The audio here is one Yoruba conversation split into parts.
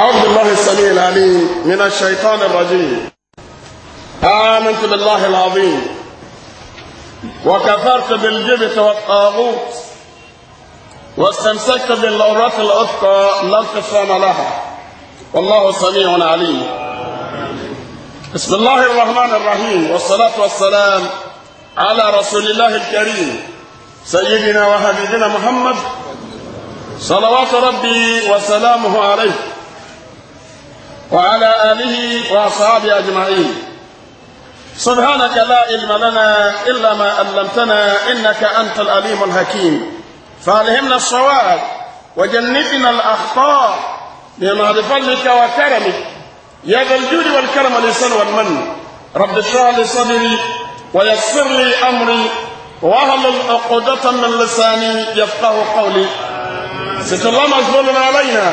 أعوذ بالله السميع العليم من الشيطان الرجيم آمنت بالله العظيم وكفرت بالجبت والطاغوت واستمسكت بالعروة الأثقى لا انقسام لها والله سميع عليم بسم الله الرحمن الرحيم والصلاة والسلام على رسول الله الكريم سيدنا وحبيبنا محمد صلوات ربي وسلامه عليه وعلى آله وأصحابه أجمعين سبحانك لا علم لنا إلا ما علمتنا إنك أنت الأليم الحكيم فألهمنا الصواب وجنبنا الأخطاء بما فضلك وكرمك يا ذا الجود والكرم والإحسان والمن رب اشرح لي صدري ويسر لي أمري وهل عقدة من لساني يفقه قولي ست الله مجبول علينا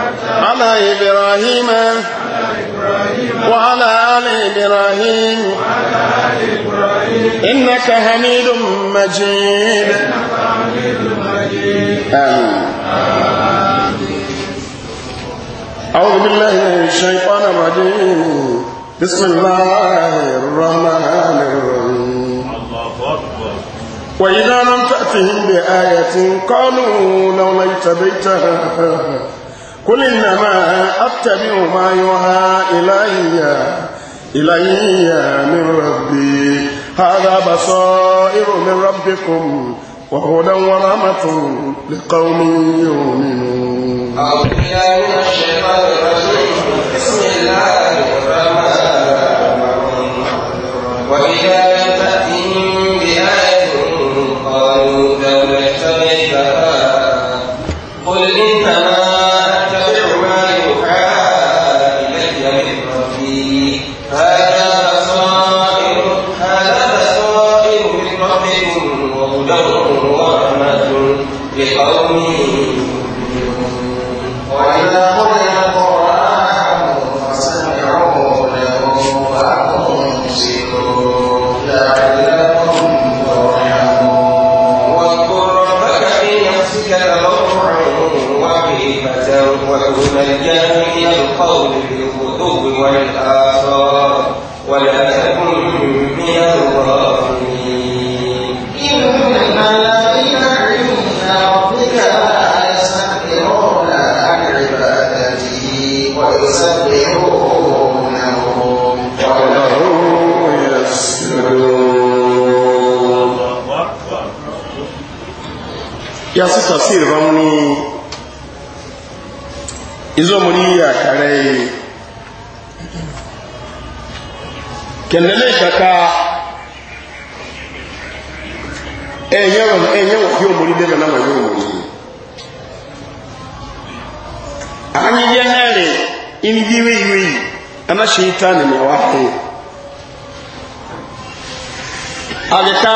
على إبراهيم وعلى آل إبراهيم إنك حميد مجيد آمين أعوذ بالله من الشيطان الرجيم بسم الله الرحمن الرحيم وإذا لم تأتهم بآية قالوا لو ليت بيتها قل إنما أتبع ما يوحى إلي إلي من ربي هذا بصائر من ربكم وهدى ورحمة لقوم يؤمنون أعوذ بالله من الشيطان الرجيم بسم الله الرحمن الرحيم وإذا تأتيهم بآية قالوا لم نحتمل قل إنما tafsir ba mu ni izo mu ya kare kendele shaka enye wa enye wa yo mu ni de na ma yo mu ni anyi ye nare in yiwe ana shaytan ne wa ko alita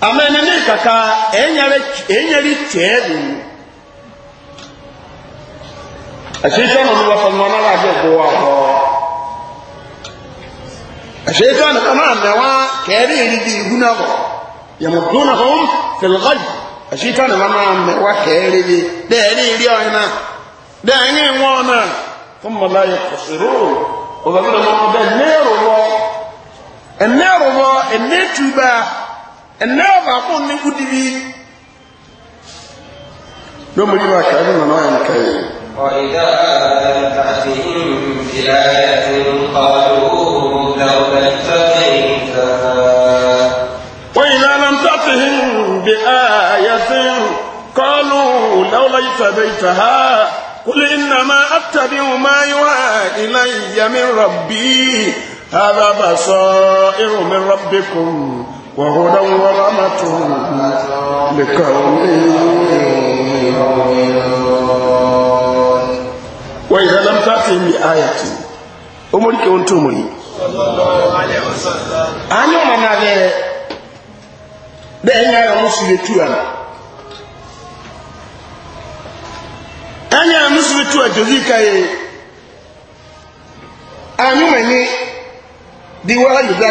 amene ne kaka enyere enyere tsedu asheta no wa fa mwana la je ko wa ho no di guna ko yamuduna hum fil no ma na wa keri ni de ni ri o na de ni won thumma la yaqsirun wa e e ba mo be nero wo enero ɛnɛɛ baako ne wudi bi ne mu yiwa kaa ne nana ayɛ nkae yi. وإذا تأتيهم بآية قالوا لو نتخذها وإذا لم تأتهم بآية قالوا لو ليتبيتها قل إنما أتبع ما يوحى إلي من ربي هذا بصائر من ربكم وهدى ورحمة لقوم وإذا لم تأتهم بآية أمريكا وأنتم anyɔ mana bɛ bɛ enya yɛ musu le tu ana enya yɛ musu le tu adzovi ka ye anyɔ mɛ nye di wa yi da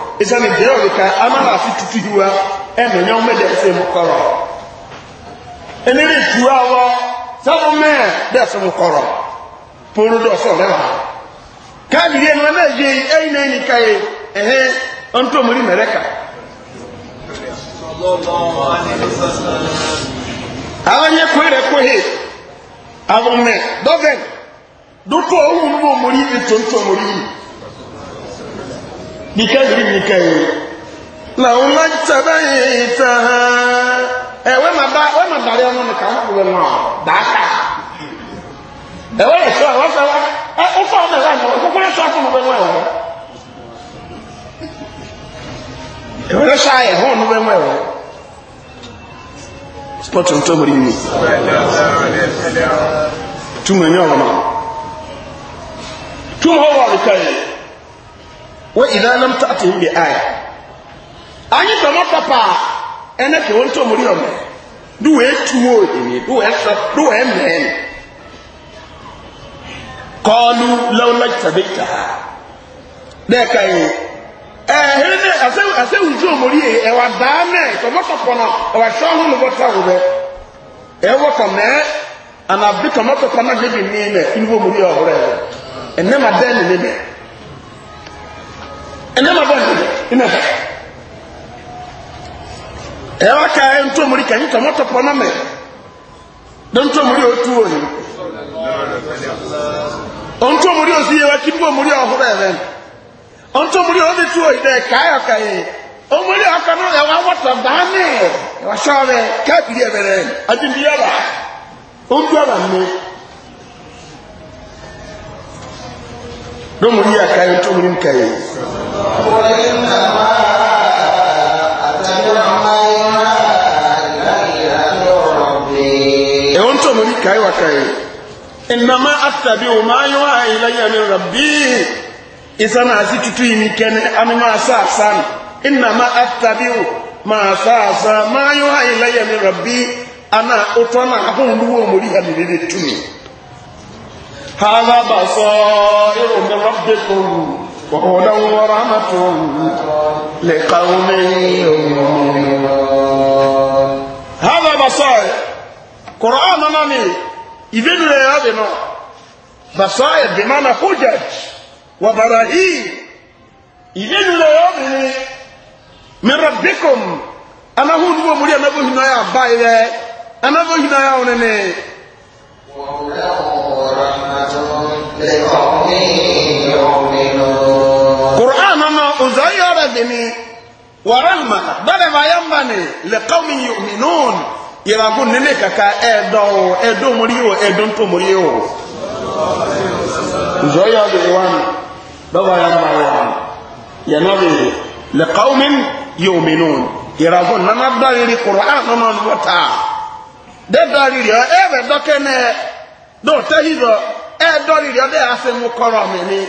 ìsàmì ìdíra òrìkà amára sí títí ìwà ẹ̀mì ní ọmọ ẹ̀dẹ̀ sí mú kọ̀rọ̀ ẹnìrì ìtura wọ sábà mẹ́ẹ̀ dẹ̀ sí mú ka poro n'eme lẹ́wà káàdì yẹn ní ọmọ ẹ̀yẹ ẹ̀yìn náà nìka yẹ ẹ̀hẹ́ ọ̀ntọ́mọ̀rí mẹ̀rẹ́kà. àwọn yẹn بكذبك لو ما اجتبيتها ايه وما دا وما دا يوم ما كان هو ما داكا ايه وين شو وصل ايه وصل ما زال وكل شو كان هو ما هو شاي هو نو ما هو spot on to bring me tu me nyoma tu mo wa kai wa idha lam ta'tihim bi aya anyi to mo papa ene ke won to muri omo du we tuwo ni du we so du we men qalu law la tabitaha de kai eh hene ase ase unju omori e e wa da me to mo papa no e wa so hu no bota wo be e wo ko me ana bi to mo papa na de bi ni me iwo omori o e hore ene ma de ni me ɛnɛ ma bɔ ne dɛ ɛnɛ ma ɛwɔ ka yɛ ntomori ka nyitɔ mɔtɔ pɔ nɔmɛ ne ntomori o tu oyi o ntomori o si yɛ wa ki bu omori ɔhoro yɛ bɛn o ntomori o bi tu oyi dɛ ka yɛ ka yɛ omori ɔkɔ no ɛwɔ awɔtɔ baanɛ ɛwɔ sɔɔ bɛ kɛpiri yɛ bɛrɛ adi bi yɛ ba o du ɔba mi. domin yi a kayan tumurin kayi ewon tumuri kayi wa kayi innama attabi ma yuha ilayya min rabbi isana asi tutu yi kene ami ma sa san innama attabi ma sa sa ma yuha ilayya min rabbi ana otona abun duwo muri ha ni tumi هذا بصائر من ربكم وهدى ورحمة لقوم يؤمنون هذا بصائر قرآن أمامي يبين لي هذا بصائر بمعنى حجج وبراهين يبين لي هذا من ربكم أنا هو نبو مريم أبو هنا يا بايلة أنا أبو هنا يا أونني Qur'an ana uzayara bini wa rahma bale bayamba ni liqaumin yu'minun ila gun nene kaka edo edo muriyo edo nto muriyo uzayara bini wan baba yamba wan yanabi liqaumin yu'minun ila gun nanabda li qur'an ana wata dẹ́dọ̀rìrì ọ ẹ̀wẹ̀ dọ́kẹ́nẹ́ dọ́tẹ́ hìrọ̀ ọ bẹ́ẹ̀ asẹ́ mú kọ́rọ̀ mi ni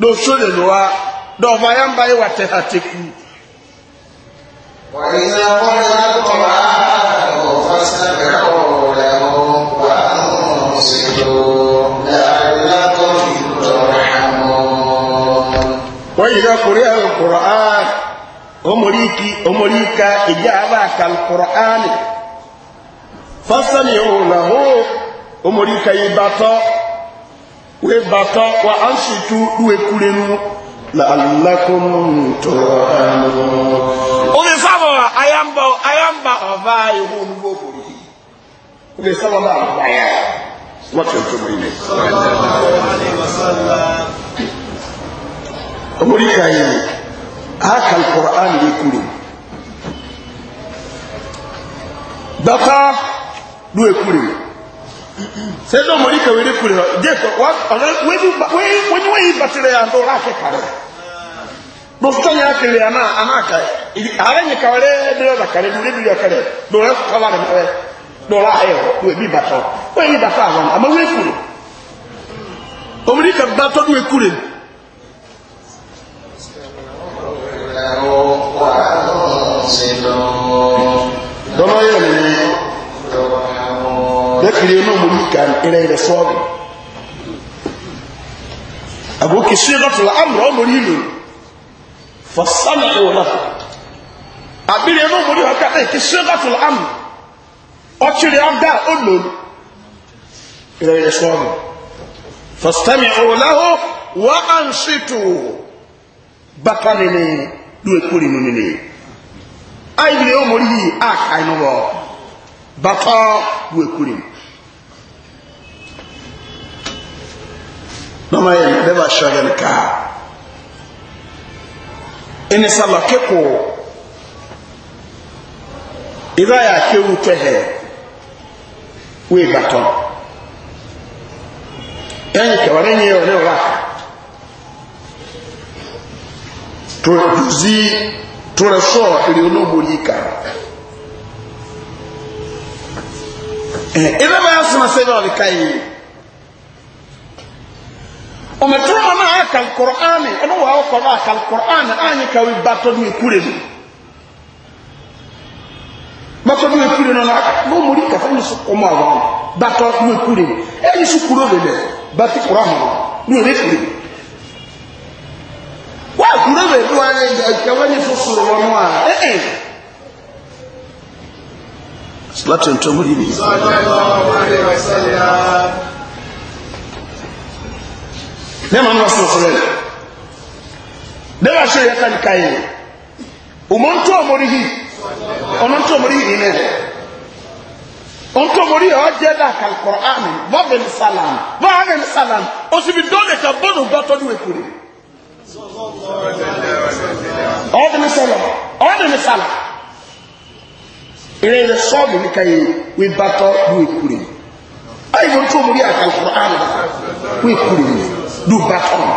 dọ́sọ́lẹ̀ ló wa dọ́ọ̀fà yà ń báyìí wà tẹ̀ àtẹ̀kù. wàá ní ọmọ yà kọ́ wa àwọn fásitì ọ̀rọ̀ rẹ̀ wà á فاستمعوا له أمريكا يباتا ويباتا وأنشتوا ويكولنوا لعلكم ترحمون أولي سابوا أيامبا أيامبا أفا يهون بوبوري أولي سابوا لا أفايا وتنتم إليه صلى الله عليه وسلم أمريكا يباتا هكا القرآن يكولنوا بقى do ekure sɛ dɔ mɔri ka wele kure hɔ de kɔ wa ɔlɔ wɛni ba wɛni wɛni wɛni batiri yan dɔw la kɛ kare do sɔ nyɛ kele yan na a n'a ka ye ale nyɛ kawale de la kare de bi yɔ kare dɔw la kaba de ma dɛ dɔw la ayɛ o ebi batɔ o ebi batɔ a ma a ma wɛ kure o mɔri ɛkiri ɛna ɔmo ni kan ɛrɛ yɛrɛ sɔɔri Abu si lɔtɔla amuna ɔmo ni lo fa sanu ɛwɔla e abiri ɛna ɔmo ni hɔ kan ɛki si lɔtɔla amu ɔkyiri ɔda ɔlo ɛrɛ yɛrɛ sɔɔri fa sanu ɛwɔla e hɔ wa ansitu baka nene do ekuri mu nene ayibiri ɔmo ni yi a ah, kan no wɔ baka do ekuri mu. nɔɔma yɛ bɛɛ b'a sɔ yɛ ni kaa ɛni sala keko ìbá yà kéwu tɛhɛ wíì bàtɔ ɛni kẹwàrẹ nyi yɛ wọlé wọlé tó duzi tó rẹ sɔ èrè olóboli kan ɛ ìbá yà sọmọ sẹbẹ ọlẹ ká yìí ɔmɛtoro ɔno a aka nkorɔane ɔno wɔ ɔkɔ no aka nkorɔane anye ka wi batɔ no ekure no batɔ no ekure no na no mori kafa no so ɔmo awa batɔ no ekure no e ɛyi so kuro lelɛ bati koro ahoma no ere kure wa kuro bɛ do ayɛ ɛkɛwɛ ne foforo wɔ no a ɛɛ e, e. silatu ntomori bi. sɔlɔ lɔɔre wa sɛlɛm nema nwa sosere dema sho ya kan kai umuntu omurihi omuntu omurihi ne onto mori o je da kan qur'an wa bin salam wa bin salam o si bi dole ka bonu ba to duwe kure o bin salam o bin salam ire le so bi kai we ba to duwe kure ai won to mori akal qur'an we kure do back on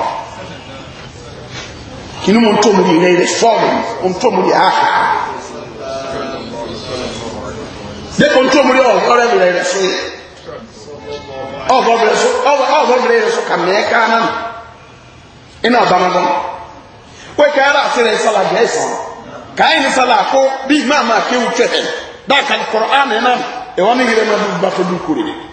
kini mo nto mu di na ile sɔɔmi mo nto mu di aha de ko nto mu di ɔ ɔrɛ mi na ile so yɛ ɔbɔ mi so ɔbɔ ɔbɔ mi na ile so ka mɛ kaana mi ina ɔbama bɔ wo ka ara ase na isala gɛ esan ka ayi ni sala ko bi maa maa kewu tɛ dɛ daa ka kɔrɔ ana ina ɛwɔ ne yɛrɛ ma bu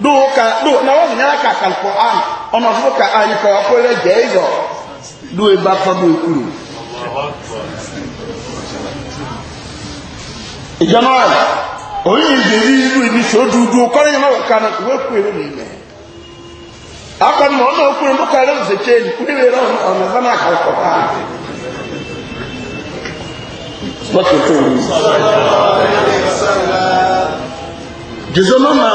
do ka do na wọn nyara ka kalkoran ọmọ fún ka anyị ọkọlẹ jẹyọ do eba kọdọ ekuru. ìjọba rẹ oyin ìdèrí inú ibi tí dị dúdú kọ́lé yẹn na kan ìwé kúrò ní ilẹ̀. akọni náà okwuru okùnrin ló ka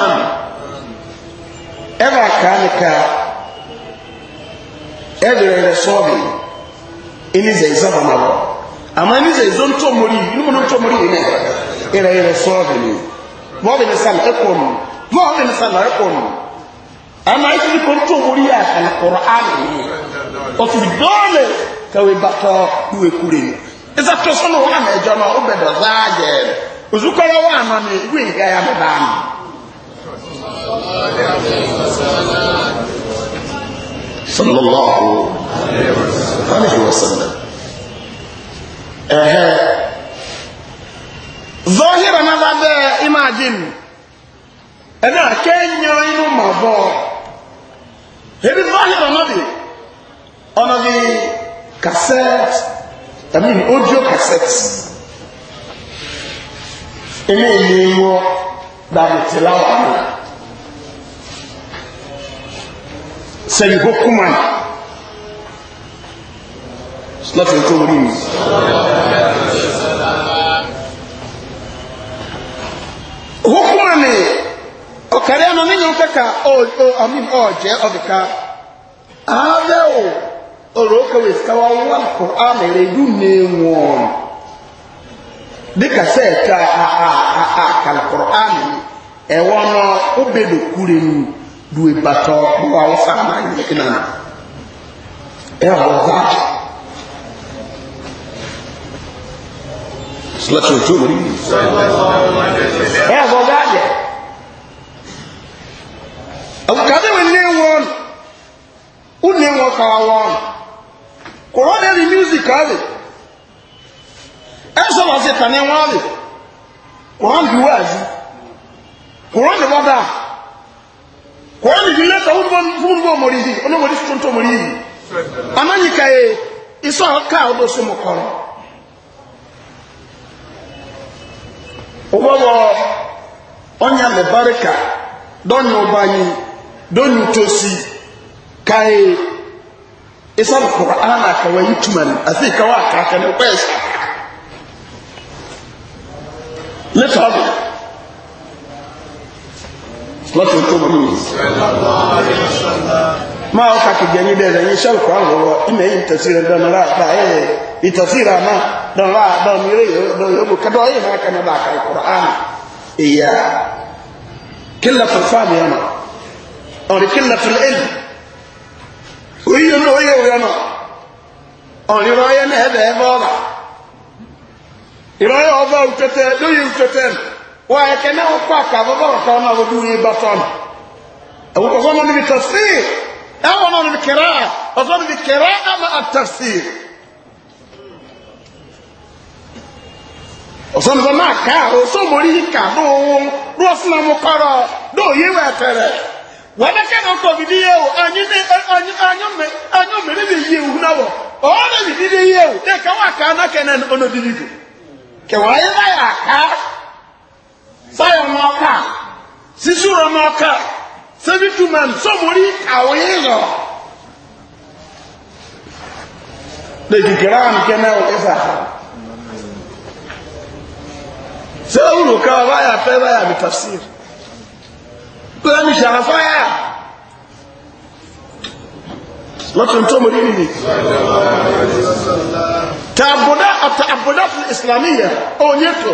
ɛba kaa ne kaa ɛwerɛwerɛ sɔɔbe ɛne zɛ nsa ba ma e e ama ne zɛ nso ntɔ mori ne mu ntɔ mori ne ɛwerɛwerɛ ne ɛkɔ mu ne ɛkɔ mu ama ntɔ mori a kuwe kure ɛsɛ a na no a ɔbɛ dɔ zaa yɛ ozukɔrɔ wɔn a ma ne صلى الله عليه وسلم أها ظاهر ماذا إماجن أنا كان يوين مبور هذه ظاهر ماذا أنا في كاسيت تمين أوديو كاسيت إني يمو دار التلاوة sẹ́yìn hukumani. kú mọ́ láti ọjọ́ orí mi. Hókúmọ̀ ni ọ̀kàrí àmà níyàn kẹ́kà ọ̀jẹ́ ọ̀dìká. Ààbẹ̀ ò ọ̀rọ̀ òkèwé síkáwá wà kọ̀ àmẹ̀rẹ̀ ìlú ní Dịka sẹ́ẹ̀ta a àmì ẹ̀wọ̀n due batɔ bɔbɔ awo faama yi nana ɛwɔ ɔba silasi otu omi ɛwɔ ɔba yɛ awukade wo ne wɔn wo ne wɔn kawa wɔn kɔrɔ de ni eh, music ali ɛsɛ wɔn se tani wɔn ali kɔrɔ de wɔ azi kɔrɔ de wɔ daa kɔɔ ni jumɛn ka funu bɔ mɔri yi ɔno mɔri tuntun tɔ mɔri yi ama nyi ka ye isɔn kaa o do so mo kɔrɔ o bɛ wɔ ɔnya le barika dɔnyu banyi dɔnyu tosi ka ye isɔn kɔrɔ ana ka wa yi tuma a fi ka wa kaa ka ne kɔɛ sa láti tó mú mi. máa ọ kà kìjẹ ní dẹrẹ yín sẹ́lù kọ́ àwọn ọ̀rọ̀ ìmẹ̀ yìí tẹ̀sí rẹ̀ dánilá àgbà ẹ̀ ìtẹ̀sí rẹ̀ àmà dánilá àgbà mi rẹ̀ yóò kẹ́dọ̀ yìí náà kẹ́nà bá kà ìkọ̀rọ̀ àmà ìyá kílà fúnfàmì ọ̀nà ọ̀rẹ́ kílà fúnlẹ̀ ẹ̀lì oyè ní oyè òyà náà ọ̀rẹ́ rọ̀ yẹn náà ẹ̀ wa yake na kwa ka bobo ka na bodu yi baton awu ko gomo ni tafsir awu na ni qira'a azon ni qira'a ma at ma ka mori ka do do sna mo do yi tere wa ka no ko bidi o anyi ni anyi anyi me anyi me ni na wo na bidi o ka na ono bidi ke wa two men, tu man sọmori awonye zọ. Lèdi kìláàmù kẹ́nẹ́ wò ẹ̀fà. Ṣé olù ká ọ báyà fẹ́ báyà mi tafsir? Bẹ́ẹ̀ mi ṣàràfà yà. Lọ́tún tó mo rí nìyí. Tàbùdá àtàbùdá fún ìsìlámù yẹn, ó nyẹ́ tó.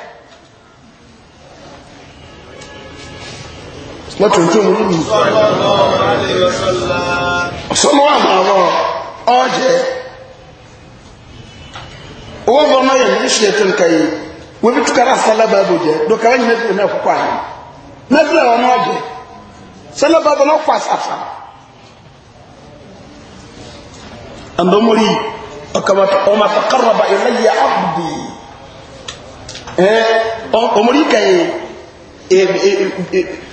lọ́tún tó mú nínú ọ̀sọ́nà wà máa rọ ọ́jẹ́ owó bọ́ náà yẹn ní ṣe tó nǹkan yìí wọ́n bí túkàrà sálábàbò jẹ́ dókàrà yìí mẹ́tìrì náà kókó àyè mẹ́tìrì ọ̀nà ọ̀jẹ́ sálábàbò náà kó àsàfà àndómórì ọmọ àtàkàrọ̀bà ìlẹ́yà àbùdì ọmọrí kẹyìn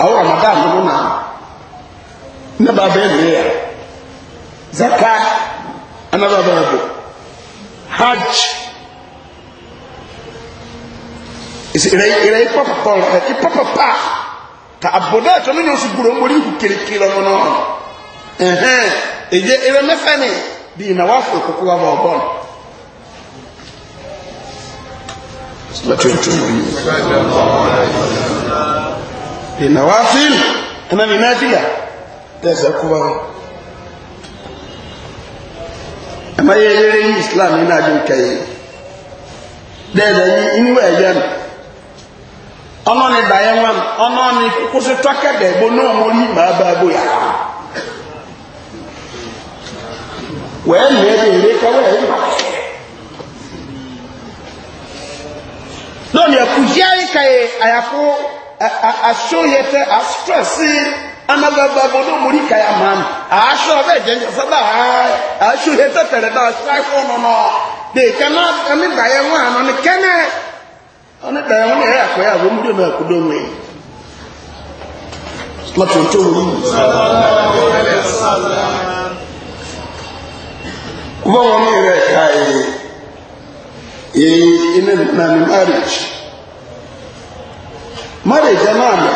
awo ramadan no na na ba be ya zaka ana ba ba ko hajj is ire ire papa pa e papa pa ta aboda to no su guro mori ku kirikira no no eh eh eje ire mefa ni bi na wa fo ko ko ba bon Let's go to na ẹ̀nà ní náfíà tẹ́sẹ̀ kú wọn ẹ̀mọ́ yẹ eré ní islam ní náà dínkà yìí dẹ́ẹ̀dẹ̀ yìí inú ẹ̀yẹ nù ọ̀nà ni ni kókósó tọ́kẹ̀dẹ̀ gbó náà ashoyete astresi anababa bodo muri kaya man asho be jenja sada ashoyete tere da strike no de kana ami baye nwa no ne kene one da won e akoya bo mu de na kudo nwe mu marriage ẹ náà mọ̀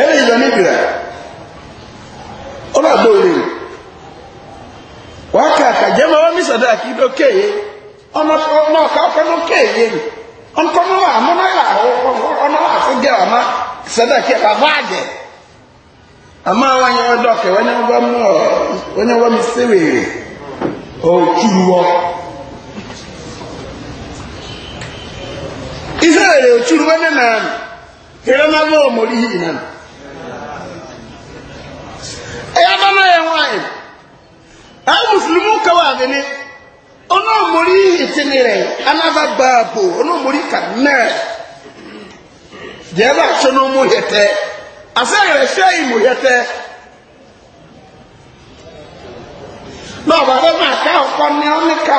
ẹ̀rẹ́ ìlọ níbìrẹ̀ ọ̀rọ̀ àgbò rẹ̀ wàá kà kà jẹ́ mọ́ mi sọ̀dọ̀ àkì ìdó kéye ọmọ ọkà ọkọ̀ ló kéye ni ọkọ̀ náà àmọ́ náà yà ọ̀nà àfọ́gẹ́ ọ̀ma sọ̀dọ̀ àkì ẹ̀ka báàgẹ̀ àmọ́ àwọn ihe ochuru wene na here na omori hi na ya bana ya nwanyị a muslimu kawa gini ọnụ omori hi tinyere anaba baabo ọnụ omori ka nne jẹ ebe achọ n'ụmụ hete asa yẹrẹ hwẹ imu hete na ọbara ma ka ni ka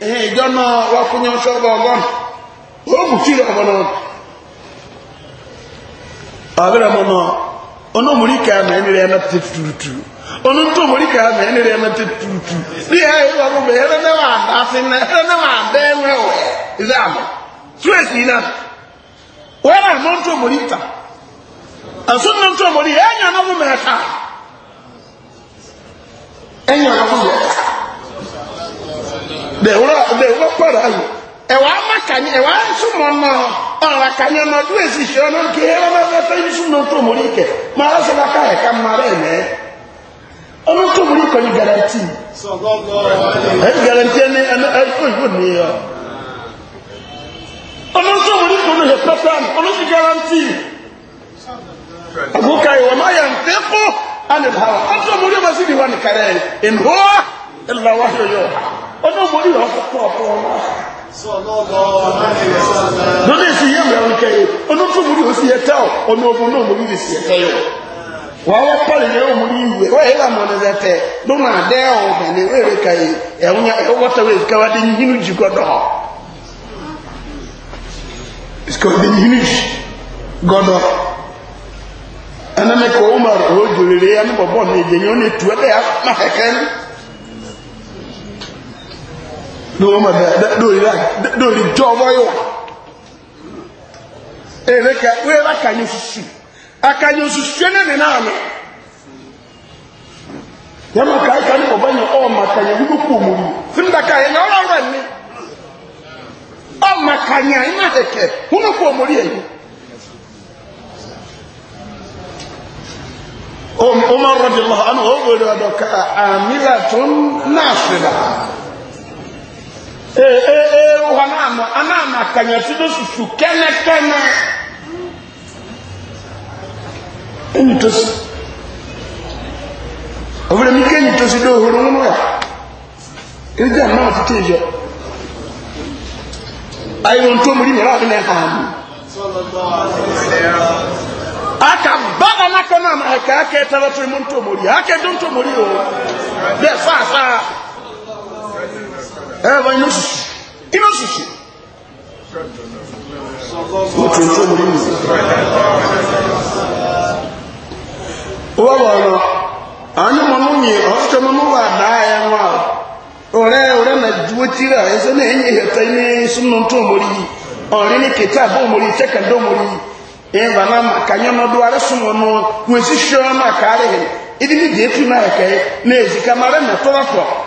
ee ịjọ na wakwụnye nsọ o mụchiri ọbịra mụ nọ ọnụ mụrụ ike ama enyere ya na ọnụ ntụ mụrụ ike ama ya na tututu dị ya ịwa bụ na asị na na enwe ịza ama na wee na ntụ mụrụ asụ enyo na enyo e na dẹ̀wúrọ̀ dẹ̀wúrọ̀ pọ̀rọ̀ ayò ẹ̀wà amákànyẹ ẹ̀wà súnmọ̀ ọ̀nà ọ̀rọ̀ kànyẹ ọ̀nà ọdún èsì ìṣẹ́ ọ̀nà kí ẹ̀rọ bá fẹ́ fẹ́ súnmọ̀ tó mọ̀ níkẹ̀ máa lọ́sọ̀ bá ká ẹ̀ka máa rẹ̀ mẹ́ ọ̀nà tó mọ̀ ní garanti ẹ̀ garanti ẹni ẹ̀kọ́ ní ọ ọ̀nà tó mọ̀ níkọ̀ ní pẹ́pẹ́ ọ̀nà ti garanti àbúkà ìwọ̀n máa yà ń fẹ́ kó ọjọ́ mọ̀rí ọ̀pọ̀ ọ̀pọ̀ ọ̀nà lọ́nà èsì yẹ́ mẹ́rin kẹyẹ onótó mọ̀rí ó sì yẹ tẹ́ ọ̀ ọ̀nà ogun ya mọ̀rí lè sì yẹ tẹ́ yọ wọ́n wọ́n pọ̀lì yẹ́ òmùrí ya wọ́n yẹ́ làmọ́ ní zẹ́tẹ́ lọ́nà àdẹ́ ọ̀gbẹ̀ ní wẹ́rẹ́ kẹyẹ ya wọ́tẹ̀wé ìkẹwàdé yínú jù gọ́dọ̀ No lórí ma lórí la lórí jọ ọmọ yìí wa èrè ká wéé la kànyé susu akànyé susu ẹni nínú àná yẹn You kà ẹka ní ọba yẹn ọ ma kànyé wíwú kú omo yìí fúnda ká yẹn ọrọ rẹ ni ọ ma kànyé ayé má kẹkẹ wíwú kú omo yìí. Omar radiyallahu anhu o wele wa dɔ ka amila tun naasira. ee wanama anama kanyasi do susu kɛnɛkɛnɛ enyi tosi ɔbɛrɛ mi k'enyi tosi do ohoro ŋunu ya edi anama tete yɛ ayiwo ntomori nyɛ ɔbi n'ɛha aka baga n'aka n'ama hɛ o ẹ̀rọ inú ṣùṣù inú ṣùṣù ó tún tó mú inú ó wà wà ọ̀nà àánú mọ mú yìí na mọ mú wà dáa ẹ̀ ọ̀rẹ́ ọ̀rẹ́ na dúró tírà ẹ̀ṣẹ́ náà ẹ̀yìn ìhẹ̀tẹ́ ní súnmù tó mórí yìí ọ̀rẹ́ ní kìtà bó kànyẹ́ sì ṣọ́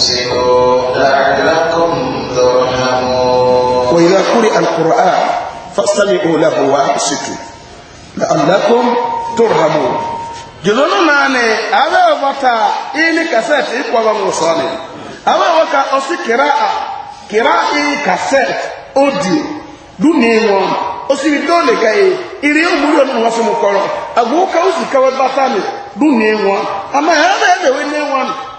وأحسنوا لعلكم ترحمون وإذا قرئ القرآن فاستمعوا له وأنصتوا لعلكم ترحمون jùlọ́nù náà ni àwọn ọ̀bọ̀ta ìní kàsẹ́ẹ̀tì ìkọ̀ọ̀bọ̀ ń sọ ni àwọn ọ̀bọ̀ta ọ̀sí kìrá à kìrá ìní kàsẹ́ẹ̀tì òdì dúnìí wọn ọ̀sí ìdóòlè gáyé ìrìn òmùrí ọ̀nà wọn fún mi kọ̀rọ̀ àgbókà ó sì káwé bátà mi dúnìí wọn àmọ́ ẹ̀rọ ẹ̀dẹ̀wé ní wọn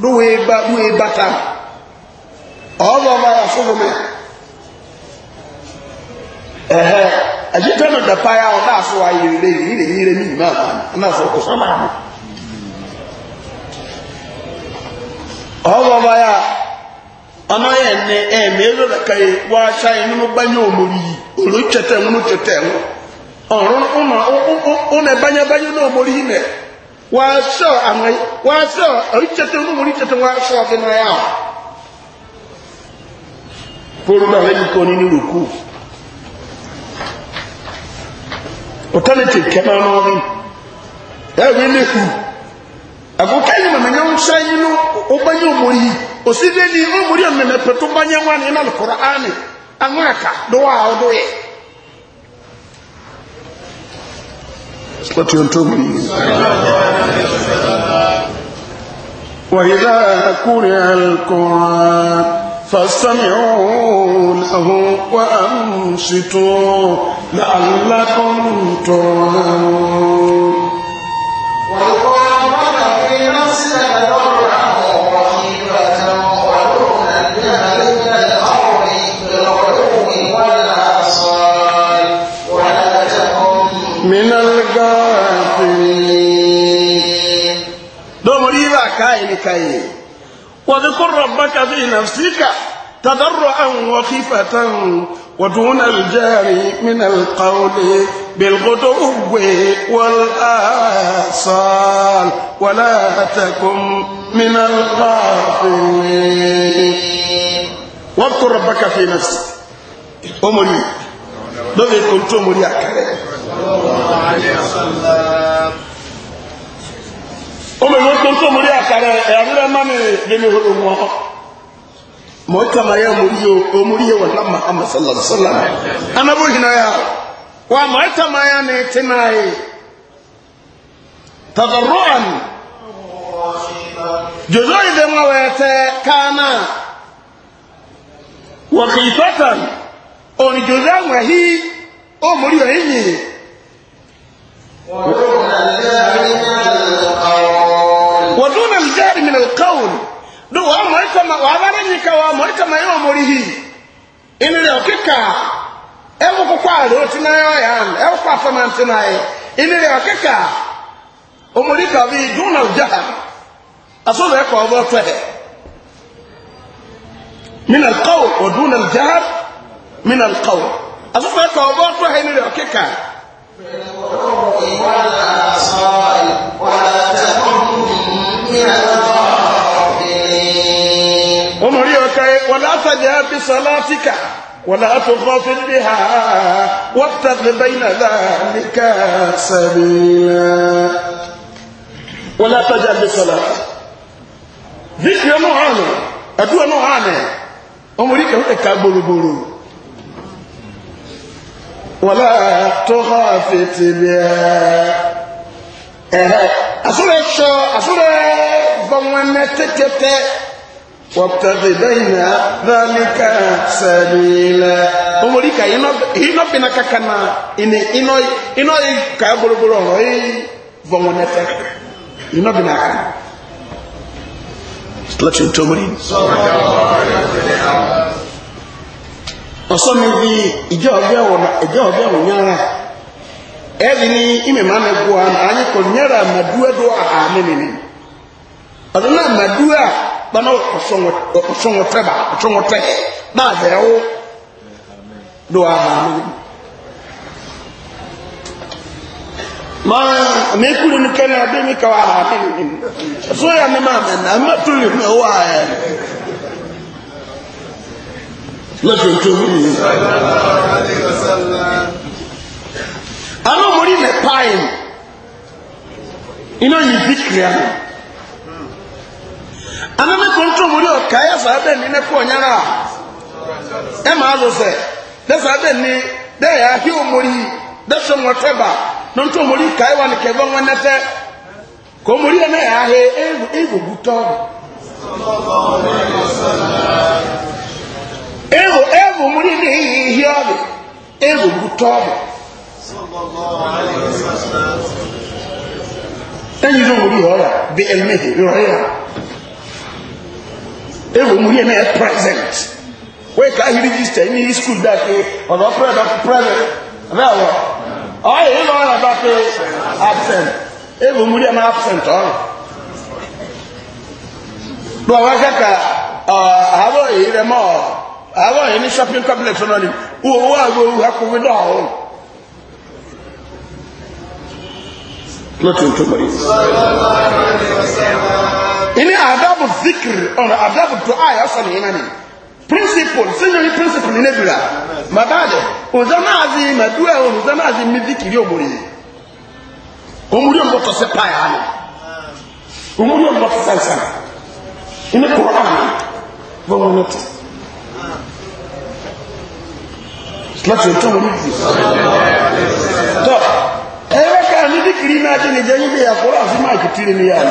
ruwe ba ruwe bata ọba ọba ya fún mi ẹhẹ ya ọ náà fún wa yìí yìí yìí ní ọba ya ọmọ yẹn ní ẹmí ẹlò lẹka yìí wọ́n aṣá yìí nínú gbányẹ òmòrì yìí olóòtútẹ ń nínú tẹtẹ ń ọ̀run ọ̀nà Waso àmọ wàásọ oríṣẹtẹ onímọ̀ríṣẹtẹ wàásọ ọ̀fẹ́ náà yà ọ́ fóòrùn náà lẹ́yìn kan nínú ìrùkú ọ̀tọ́lẹ̀tì kẹta náà rí ẹ̀rí lẹ́kù àgùkẹ́yìn mọ̀mọ́ yẹn ń sá yín ní ọgbẹ́yìn òmòrí òsì lẹ́ni òmòrí ọ̀mẹ̀mẹ̀pẹ̀ tó bá yẹn wà ní ìlànà kọ̀ọ̀rọ̀ àmì sọ́tí ohun tó mú ní وإذا قرئ القرآن فاستمعوا له وأنصتوا لعلكم ترحمون وقال في نفسك كي واذكر ربك في نفسك تضرعا وخفة ودون الجار من القول بالغدو والآصال ولا تكن من الغافلين واذكر ربك في نفسك أمري دوبي كنت أمري أكرم الله عليه وسلم tó mú rí àkàrẹ ẹ̀rọ má mi mímí horo wọn. mọ̀ ọ́ kàmá yẹ mú yíyó o mú yíyó wọn lámà àmà sàlám sàlám. anábó hinna yà wà mọ̀ ọ́ kàmá yà ni tí náà yẹ. tàbàrọ̀ àná. jòjó ìdè mọ̀ wẹ̀ tẹ káná. wọ̀ kì í sọ́tàn. òní jòjó àwọn ẹ̀hí ó mú yíyó yíyí. دون من القول دو وامريكا ما وامريكا وامريكا ما يوم مريه إن لو كيكا أو كوكا روتنا يان أو كوكا مانتنا إن لو كيكا أمريكا في دون الجهر أصول يكو أبوته من القول ودون الجهر من القول أصول يكو أبوته إن لو كيكا ولا صائب ولا ولا تجهر بصلاتك ولا تخافت بها وابتغ بين ذلك سبيلا ولا تجهر بصلاتك ذكر نوعان أدوى نوعان أمريكا هناك بولو ولا تخافت بها أه. أصول الشو أصول بمنتكتك wabtaghi baina dhalika sabila omori ka ino ino pina kakana ini ino ino ka boroboro ro e vomone fe ino bina ka lati utomori osomi bi ijo obe wona ijo obe wonyara ebi ni ime mame gwa anyi ko nyara madua do a amene ni ọdọ náà madua bana ɔsɔnwɔtɛ ba ɔsɔnwɔtɛ naa bɛɛ wo do a maame maa mi kuru ni kɛnɛ a bɛ mi ka wa ha mi ni so yɛ mi maa mɛ na ma tu ni mɛ wa yɛ ne tun tu mi ni. ano mori ne paa yi ina yi zikiri ano. amame kɔntro mu de ɔka yɛ saa bɛ ni ne kɔ a ɛma azo sɛ ne saa ni de yɛ ahi omori de so ŋɔtɛ ba ka ntro mu kae wa ne kɛvɛ ŋɔ nɛtɛ kò omori yɛ ne yɛ ahi ewu ewu gutɔ ewu ewu omori ne yi yi ɔbi ɛnyi omori ewu mu yẹ na yẹ present wọ́n ká hiri register ní school dá pé ọ̀nà ọ̀pẹ̀rẹ̀ dá pé present bẹ́ẹ̀ wọ̀ ọ̀yẹ́ yìí lọ́wọ́ dá pé absent ewu mu yẹ na absent ọ̀rọ̀ lọ́wọ́ wọ́n kẹ́kẹ́ àárọ̀ èyí rẹ̀ mọ́ àárọ̀ èyí ní shopping complex náà ni owó àgbo akọ̀wé náà ọ̀hún. lọ́tún tó bọ̀ yìí ini adabu zikiri ɔn adabu do a yɛsɔ ne yina ne principle sɛnyɛni principle ne dura mabade ozanaazi madua wɔn ozanaazi mi zikiri omori omori omori tɔ sɛ paa ano omori omori tɔ sɛ nsan ini kɔrɔ ano wɔn wɔn to láti ọjọ́ orí ti tọ́ ẹ̀rọ kan ní zikiri náà ti lè jẹ́ níbi àkọ́rọ̀ àti máàkì tìrì ní yàrá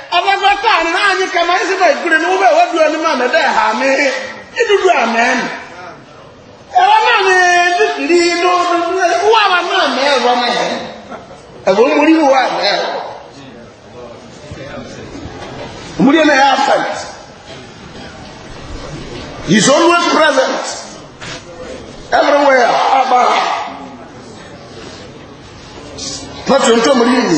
ọbagbata ni naanị kama isi na ikure na ụgbọ ewedu onye ma na dị ha mi amen ẹwọ náà ni bíbélì inú wà wà náà mẹ ẹwọ mẹ ẹwọ múri wà mẹ múri na ya fight he is always present everywhere aba pàtó ntọ́ múri yìí.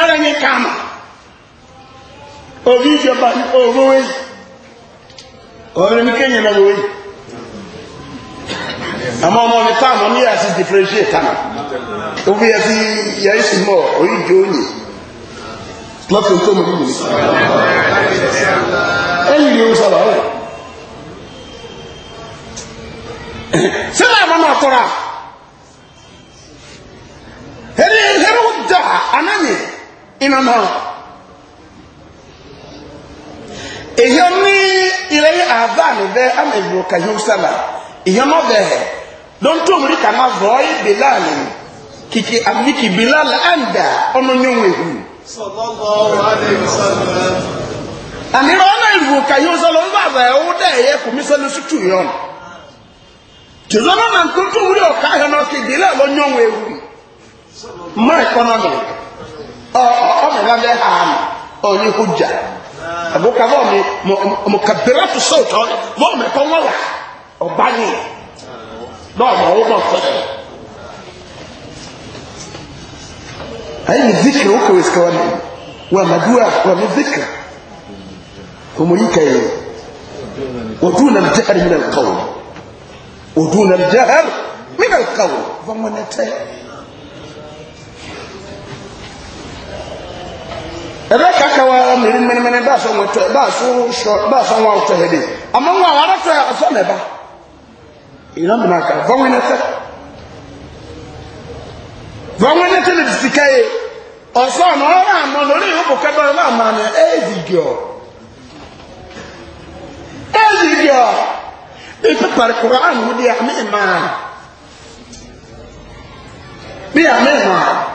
ẹrẹ́ni kama òbí ìjọba òwò wẹ́yì ọ̀rẹ́ ní kéyìn náà wẹ́yì àmọ́ ọmọ ní táàmù ní yà sí differentiate tánà ó fi yà sí yà sí mọ́ orí jẹ́ òyìn lọ́fẹ́ tó mú nínú ẹ̀yìn ni ó sábà rẹ̀ sílẹ̀ àmọ́ náà tọ́ra ẹni ẹni ó dà ina na ehyɛn ni ire yi avan bɛ ama eburo kahim sala ehyɛn ɔbɛ hɛ dɔnto omuri kama vɔɔyi bilal kiki amiki bilal anda ɔno nye wehu. ani ɔna eburo kahim sala ɔno dɛ ɛyɛ yɔn ɔka bilal mmaa ọmọlẹ́lẹ́ àmì ọ̀nyẹ́ hujja àbúkàbọ̀ mi mọ̀kàbẹ̀rẹ̀ tó sọ̀tọ̀ wọ́n mẹ́kọ́ wọ́n wà ọ̀bá ni lọ́ọ̀mọ̀ owó náà fẹ́ ayi ni zikiri o kowesi kawa ni wa maduwa wa mi zikiri omori ka yi o dun na jahar min alkawo o dun na jahar min alkawo bamanan tɛ ɛbɛ kaka wa mmiri mmiri mmiri baaso nwetɔ baaso sɔ baaso nwa wotɔ hɛ de ama nwa wa aratɔ yɛ na ɛba yina mu n'aka vɔnwe ne tɛ vɔnwe ne tɛ ne ti sika yɛ ɔsɔ na ɔyɛ anɔ na ɔyɛ ɔbɔ kɛtɔ ɔyɛ ama na ɛyɛdzi e gɛɔ ɛyɛdzi e gɛɔ ipepari kura anu di ame maa bi ame maa.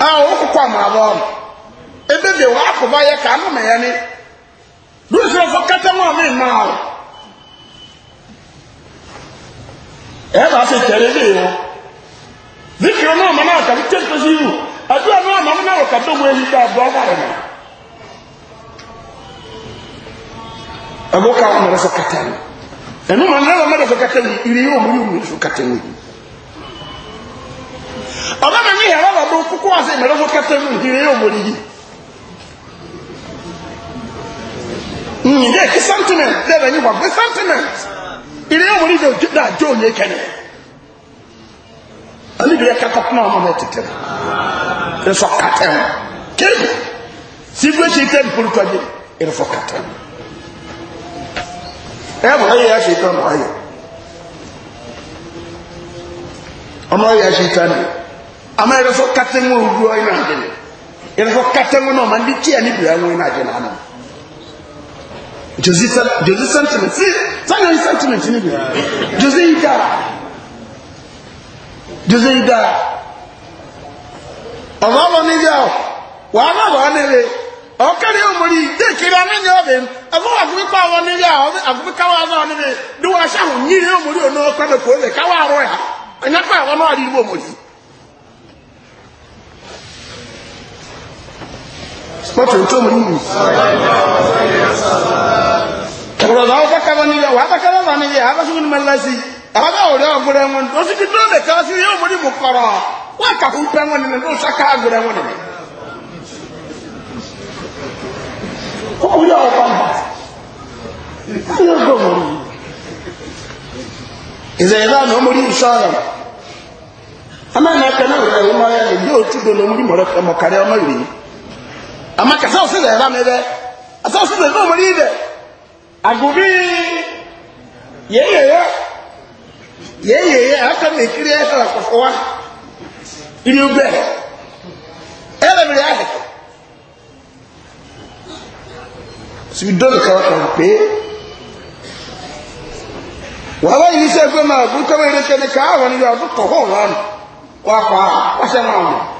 a wokokɔ amanabɔɔ no ebe de waakoma yɛ ka ano mɛyɛ ne dunsɛfo kata mu a memmaa wo ɛba sɛ kyɛre de wo zikiri no ama no a kame tɛsɛ so yiwu adura no ama mo na wɔka dɔm ahi da aboa ware no ɛboka wo mmɛrɛ so kata no ɛnoma na ɛwɔ mmɛrɛ so kata no iri yɛ ɔmo yɛ ɔmo so kata no ọba mi mi yàrá bàbá kókó àti ìmọ̀lẹ́fọ́ kẹtẹ́ mi ìdílé yóò mọ̀ nìyí. nyi de ki sentiment de bɛ nyi wa bi sentiment ire yɛ wuli de da jo nye kɛnɛ ale bi yɛ kata kuma ma mɛ tete la ere sɔ kata mu kiri sigbe si tɛ npoli tɔ ye ere sɔ kata mu ɛ mɔ ye yasi tɔ nɔ ye ɔmɔ yasi tɔ nɔ ye. ama yɛrɛ fɔ katɛŋɔ wura yi naa dɛmɛ yɛrɛ fɔ katɛŋɔ naa di tia ni bila ŋɔ yi naa dɛmɛ sentiment si sani yi sentiment ni bi jozi yi da jozi yi da ɔba wa ana bɔ ne be ɔkari omori de kiri ane nye ɔbɛn ɛfɔ wa kpa wɔ akubi kawa ana be wa ya ɛnyɛ kpa wɔ sport yóò tó mu yìí. ọ̀rọ̀ náà wọ́n kaba níbi àwọn abakaba wà níbi àwọn abasugun ma lásì àwọn bá wòlé ọ̀gbọ̀dọ̀ wọn tó sì ti tó lè ká sí yóò mú ní mu kọ̀rọ̀ wọ́n kà fún pẹ́ wọn nínú tó saka àgbọ̀dọ̀ wọn nínú. kókò yà ọ̀pá mbà yóò gbọ̀ wọ́n yìí. ìzẹ̀yẹ̀ náà ni wọ́n mú ní ìṣọ́ọ̀rọ̀ ama na ẹ̀ka náà rẹ̀ wọ́n máa yà lè yóò túbọ̀ lọ́mú ní mọ̀rẹ́ mọ̀kàrẹ́ ọmọ yìí ama kasa ɔsi dɛ ɛra mi dɛ asa ɔsi dɛ ɛna ɔmɔni dɛ agobi yeyeye yeyeye aka na ekiri ɛfɛ akɔfɔwa inu bɛ ɛrɛ mi yahɛ sibi dɔbi kawa kan pee wàhálà yìí sẹ gbẹmọ àgùntàn ẹrẹkẹ ni káà wọn yọ ọdún tọhọ wọn wà kọ àwọn wọn sẹ náà wọn.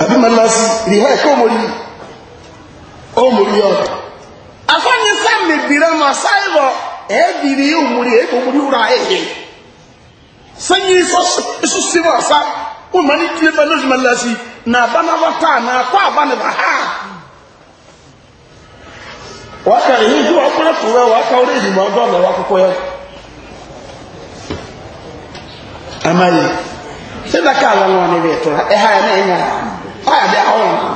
abimanasi riha ɛkɛ omori omori ɔ afɔnyi sami bira ma saibɔ ɛbiri omori ɛbɔ omori wura ɛhɛ sanyi sɔsi ma sa umani tile ba n'osu manasi na abanaba taa na akɔ abanaba ha waka ihe ndị ọkpụrụ tụrụ ewe aka ọrụ ejima ọdọ na ewe akwụkwọ ya amaghị sị na ka ala nwa n'ebe tụrụ ha ya na-enye ha aya bia hon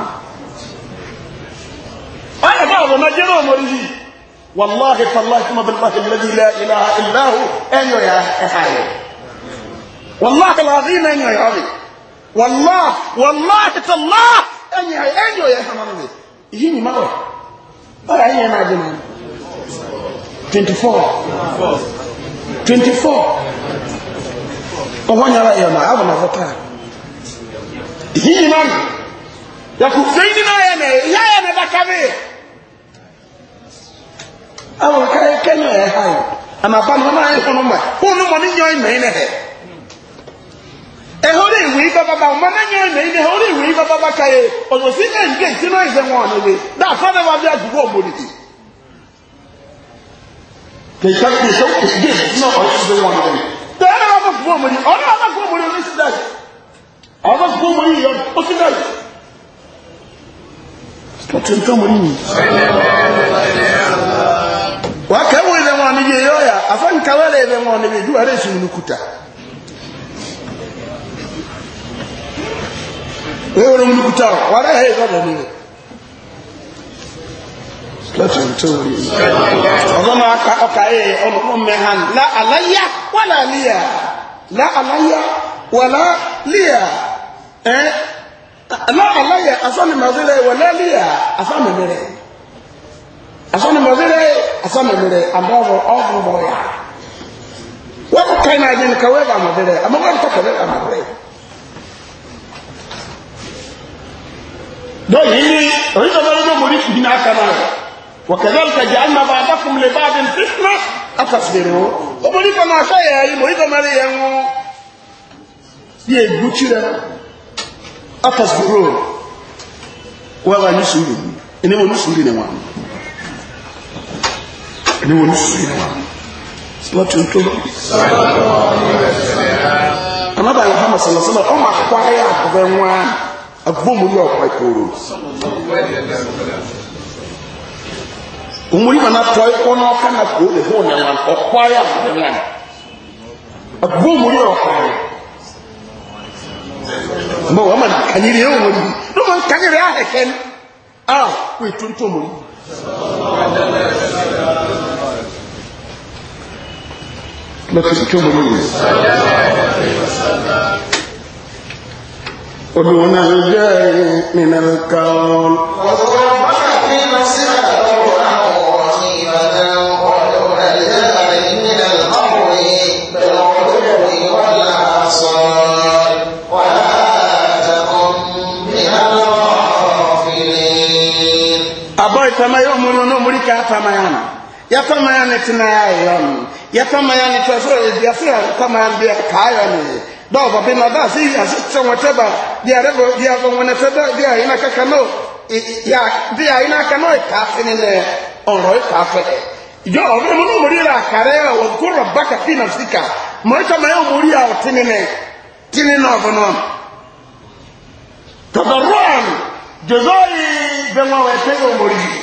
aya baba majiro morihi wallahi tallahi kuma billahi alladhi la ilaha illa hu enyo ya hayo wallahi alazim enyo ya hayo wallahi wallahi tallahi enyo enyo ya hamani hii ni mawe bara hii na jamani 24 24 kwa wanyala ya maaba na zakati yìnyín náà nù yàkùfẹ́ yìí náà yẹn nà ìyá yẹn nà bàtà mi. àwọn kẹyẹ kẹyẹ ẹ ha yìí àmà bá mi wọn náà yẹ fún un mọ fún un mọ ní yọ ìmọ̀ yìí nà hẹ. ẹ̀họ́ lè wí bábábá ọmọ náà yọ ìmọ̀ yìí nà ẹ̀họ́ lè wí bábábá káyé ọ̀dọ̀ sí ẹ̀ ń gé ìtì náà ìṣẹ̀ wọn ọ̀nà ìwé dáa fún abẹ́wà bí àdúgbò ọmọ nìyí. kèéká kèéká kèéká ọba sọ wọn yìí yọrọ ó sì dáì ó ti nǹkan wọn yìí. wà á kẹ́wọ́ ilẹ̀ wọn níbi èyí ọ̀yà afẹ́nkáwé lè ilẹ̀ wọn níbi ìdúwà rẹ̀ sì ń lukuta. wọ́n yọrọ mu lukuta o wà á rẹ̀ yẹ lọ́dọ̀ níbi. ọ̀dọ́ náà ọkà yẹ ọ̀nà mẹ́hàn lá àlàyé wà láàlíyà lá àlàyé wà láàlíyà eh la alaya asani mazire walalia asani mere asani mazire asani mere ambazo ovu boya wako kaina ajini kaweba mazire ama wako kaweba mazire do yini oyizo barido mori kudina akana wakadhalika jaalna ba'dakum li ba'din fitna atasbiru omori kana saya yi mori kana yangu ye guchira afasburo wala ni sùúrù ene mo ni sùúrù ne wa ene mo ni sùúrù ne wa sibati nto anaba muhammad sallallahu alaihi wasallam o ma kwa ya akwa nwa agbomu ni okwa ikoro umuri na toy kono kana ko le ho ne na ya mbɔ wɔn ma na kanyere yɛ wɔn yi n'o ma kanyere ahɛkɛ ni a ko etonto mo yi. lọ́tí tó mú mi. omi wọn náà ń jẹ́ ìrìnàlẹ́kọ̀ọ́. tama yo mu no muri ka tama yana ya tama yana tina ya yon ya tama yana to so e dia fira kama yana dia ka ya ni do ba bi na ba si ya so whatever dia revo dia go when se da dia ina ka kano ya dia ina ka no e ka fini ne onro e ka fe yo mu mú muri la ka re ọ̀wọ̀ kó rọ̀bá kàfí nà síkà mọ̀ríkà máa yóò mòrí àwọn tíní nẹ tíní náà bọ̀ tini tọ̀dọ̀ rọ́ọ̀nù no yìí bẹ́ẹ̀ wọ́n wẹ̀ tẹ́ yóò tego yìí.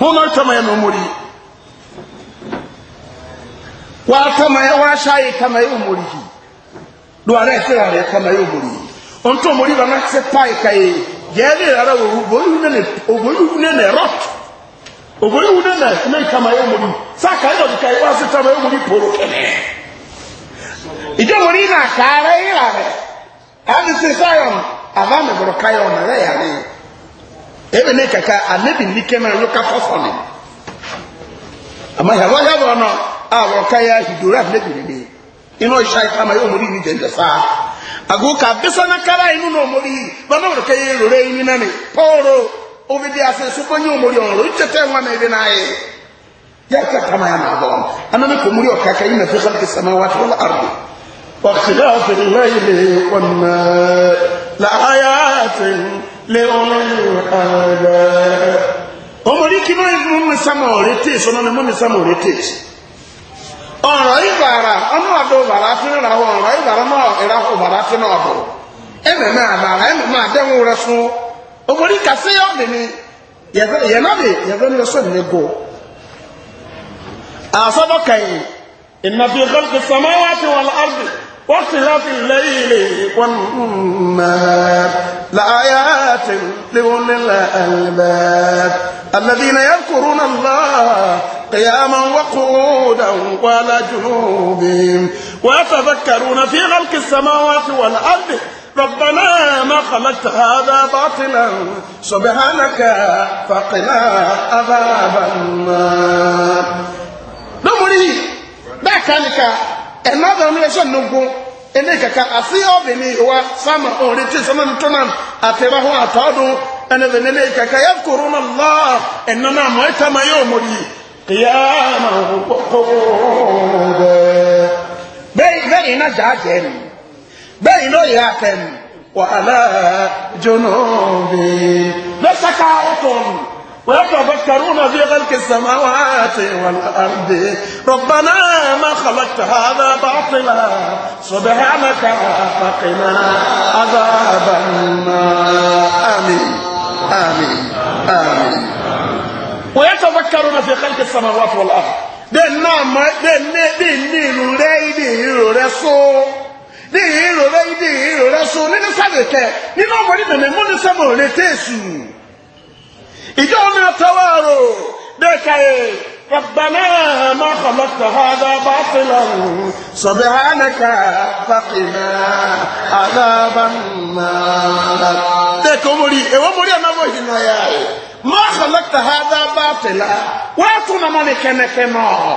hono kama ya nomuri wa kama ya wa shayi kama ya umuri do ara se ara kama ya umuri onto muri ba na se pai kai jere ara wo bo yune ne obo yune ne rot obo yune ne ne kama ya umuri saka yo dikai wa se kama ya umuri poro kene ijo muri na kare ira re ani se sayon ava me bro kayon re ya re ebe ne kaka anabi nike na yoka fɔfɔli ama yabɔ yabɔ nɔ a wɔka ya hidora anabi nene inu ɔhyɛ kama yɛ omori ni gyɛnjɛ saa ago ka besa na kara inu na omori yi bana wɔre ka yɛ lori yi nina ne pɔɔro obi di ase sopo nye omori ɔnro nkyɛtɛ nwa na ebi n'ayɛ yɛ ka kama ya na abɔ ana ne komori ɔkaka yi na fi hali kisa na wati wɔla ardo wɔkisi lɛ la ayɛ ọmọdé ike náà mú mi sámọ ọ̀rẹ́ tèèsì ọmọ mi mú mi sámọ ọ̀rẹ́ tèèsì ọ̀rọ̀ ìbàrà ọmọ ọ̀dọ̀ ìbàrà fínà ra wọn ọ̀rọ̀ ìbàrà náà ìra ìbàrà fínà ọ̀dọ̀ ẹ̀mẹ̀mẹ̀ àbàrà ẹ̀mẹ̀mẹ̀ àdẹ́wọ̀n rẹ ọsọ ìdílé gbọ́. àṣọ bọ́kà yìí واختلاف الليل والنهار لآيات لأولي الألباب الذين يذكرون الله قياما وقعودا وعلى جنوبهم ويتذكرون في خلق السماوات والأرض ربنا ما خلقت هذا باطلا سبحانك فقنا عذاب النار نمري ذاك ɛna da no yɛhyɛ nnoko ɛne kaka ase ɔbe ne yehowa sama ɔre te sama no tonam atɛba ho atɔɔ do ɛne de ne ne kaka yɛkoro no laa ɛna no ama ɛtama yɛ ɔmɔdi qiyama qudɛ bɛyi bɛyi na gyaagyae no bɛyi na ɔyɛ atɛm wa ala junubi bɛsaka ɔtɔn ويتفكرون في خلق السماوات والأرض ربنا ما خلقت هذا باطلا سبحانك فقنا عذاب النار آمين آمين آمين ويتفكرون في خلق السماوات والأرض دين نعم دين نعم، دين دين نعم، رأي دين رسول دين رأي دين رسول نين سابقه نين أولي من إجونا توارو دكاي ربنا ما خلقت هذا باطلا سبحانك فقنا عذاب النار دكو مري ايوا مري انا وهنا يا ما خلقت هذا باطلا واتنا مالك نكنا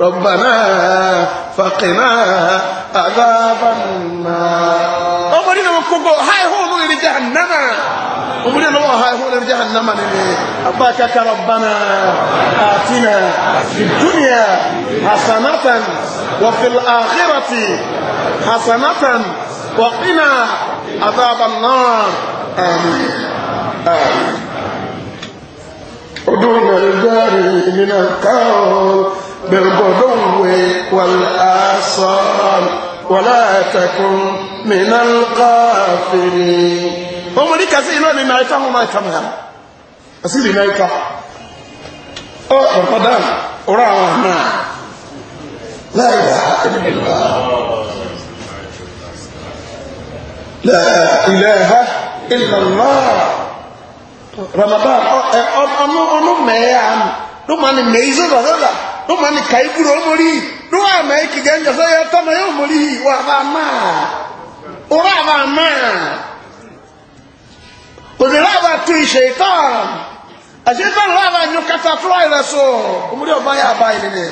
ربنا فقنا عذاب النار أمري نو كوغو هاي هو نو يري جهنم أمري نو هاي هو يري جهنم ني أباك ربنا آتنا في الدنيا حسنة وفي الآخرة حسنة وقنا عذاب النار آمين آمين ودون الجار من القول بالغدو والآصال ولا تكن من القافرين. هم لك سينا لما يفهم ما يفهم هذا أسير لما يفهم أو رمضان وراء لا إله إلا الله لا إله إلا الله رمضان أنو أنو ميان لما نميزه هذا no ma ni kai buru omori no wa ma ki ganga so ya ta na yo omori wa ba ma ora ba ma o de la ba tu shaitan a shaitan la ba nyu kata fly la so omori o ba ya ba ile ne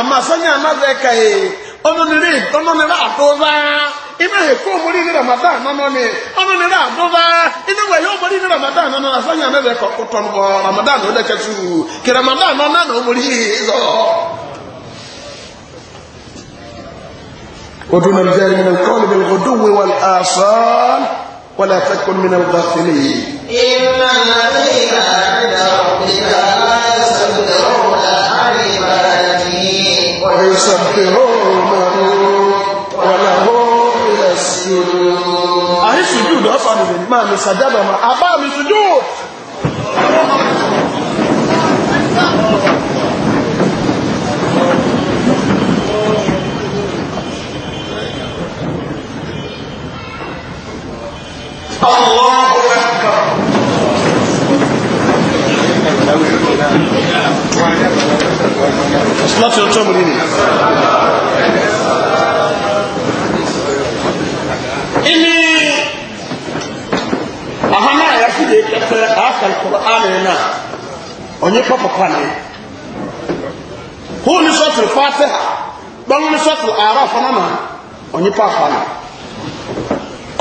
ama sanya na ze kai ono ni re ono ina he ko mori ni ramadan no no ni ono ni ra do ba ina we yo mori ni ramadan no no na sanya na be ramadan no ki ramadan no na no mori ودون الجهل من القول بالغدو والآصال ولا تكن من الغافلين إن الذين عند ربك لا يصبرون عن عبادته ويصبرون àrí sùjúdù ọ̀fà nìyẹn máa mi sàjádọ̀ máa àbá mi sùjúdù. kọ́ àpàlà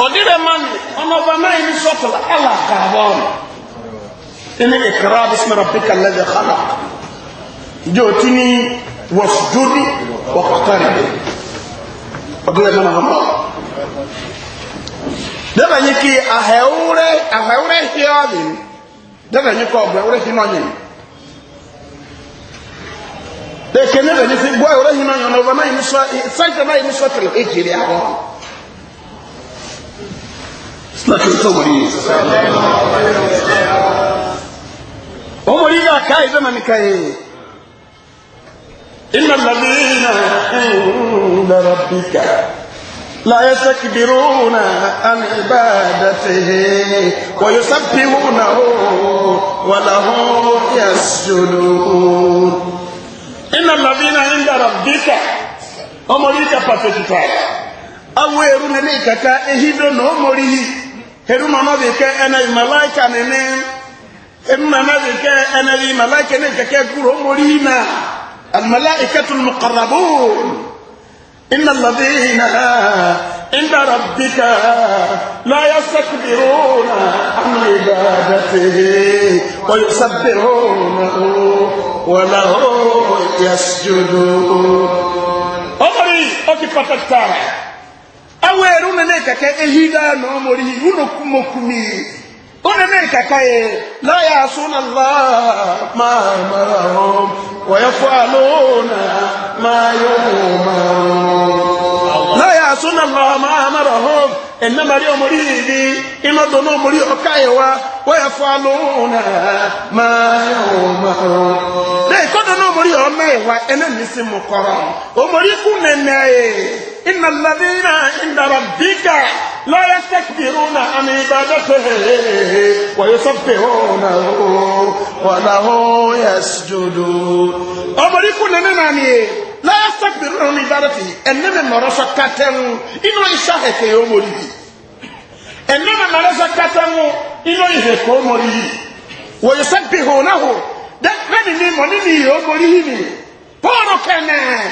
ọ̀dẹ́rẹ̀ máa ń ọ̀nà ọba mẹ́rin ní sọ́tọ̀lá ẹ̀là àgbàbọ̀ ọ̀nà ẹni ìkìrá bísímẹ́rọ̀ píkà lẹ́dẹ̀ kálà ìjọ tí ní wọ́sùdúdú wọ́pọ̀tọ́rì ọ̀dẹ́rẹ̀ máa ń bọ̀ dẹ́bẹ̀ yìí kí ahẹ́wúrẹ́ ahẹ́wúrẹ́ híọ́bìn dẹ́bẹ̀ yìí kọ́ ọ̀gbẹ̀wúrẹ́ híọ́bìn ekene bɛ nifi bɔ ɔrɔ hinɛ nyɔnu ɔba n'ayi nisɔ sanfɛ n'ayi nisɔ tɛlɛ ekele awɔ sinatun sɔmɔri ye ɔmɔri y'a ka yi bɛna nin ka ye ina lamina ndara bi ka laaya sakibiruna ani ibadate wayosabihuna o walahu yasudun ina labina inda rabbika omori ka patekuta awo eru ne ne kaka ehido na omori hi eru ma no beke ena malaika ne ne eru ma no beke ena malaika ne kaka kuro omori na al malaikatu al muqarrabun إن الذين عند ربك لا يستكبرون عن عبادته ويسبحونه وله يسجدون أمري أوكي فتكتا أويرون نيكا كأهيدا نومري ينكمكمي ونمير كاكاي لا يعصون الله ما امرهم ويفعلون ما يؤمرون لا يعصون الله ما امرهم انما اليوم ريدي اما ظنوم ري اوكايوا ويفعلون ما يؤمرون لا يكونوا مري اومايوا انا نسمو قران ومري كونن ان الذين عند ربك لا يستكبرون عن عبادته ويسبحونه وله يسجدون أمريكم نناني لا يستكبرون عن عبادته إنما مرسى كاتم إنه إشاهك يوم ربي إنما مرسى كاتم إنه إشاهك يوم ربي ويسبحونه ده نني مني يوم ربي بارك الله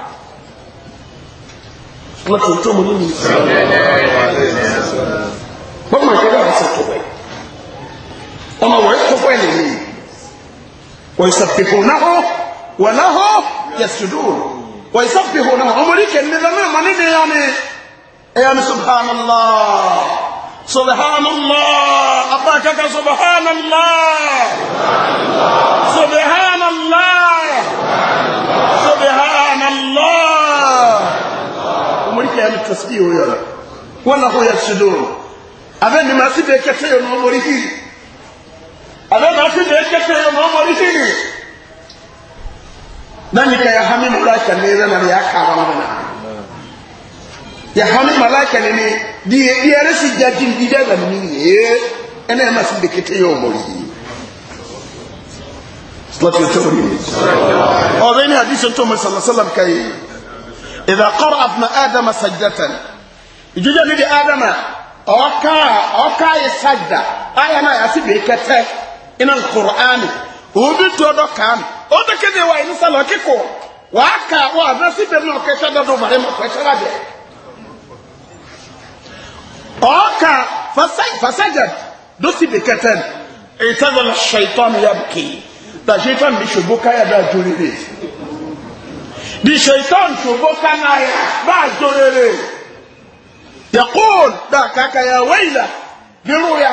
láti tó mú nínú wọ́n máa kẹ́lẹ́ àwọn sọ̀tọ̀ bẹ́ẹ̀ ọmọ wọ́n tó fẹ́ lè ní wọ́n ìsọ̀pẹ̀kù náà wọ́n náà hó yẹ̀sùdù wọ́n ìsọ̀pẹ̀kù náà ọmọ orí kẹ́lẹ́ lọ́nà ọmọ nínú ẹ̀yà ni ẹ̀yà ni subhanallá subhanallá apá kẹ́kẹ́ subhanallá subhanallá. kẹ́ ẹni tẹ̀sí ìwé yọ̀rọ̀ wọn náà kó yẹ ṣubú abẹ́ ni màá sì bẹ́ẹ̀ kẹ́tẹ́ yọ̀ náà mọ̀rí hìrì abẹ́ màá sì bẹ́ẹ̀ kẹ́tẹ́ yọ̀ náà mọ̀rí hìrì nani ka ya hami malaika ne rana ya kara mana ya hami malaika ne ne di ya resi jajin di da ni ye ene ma sin de kete yo mori sallallahu alaihi wasallam ọ̀rẹ́ ní àdíṣẹ́ tó mọ̀ sàlọ́sàlám إذا قرأ ابن آدم سجدة يجوز لدي آدم أوكا أوكا يسجد آية ما يسيب كتة إن القرآن وبيتو دو كام أوتا كده وين سالو كيكو وأكا وأنا سيب من كتة دو مريم كتة رابع أوكا فسجد فسجد دو سيب كتة اعتذر الشيطان يبكي ده شيطان يا ده جوري di shaitan ṣogbó kanáyà bá a jorere yakun dàkàkà yà wẹ́yìlà nínú yà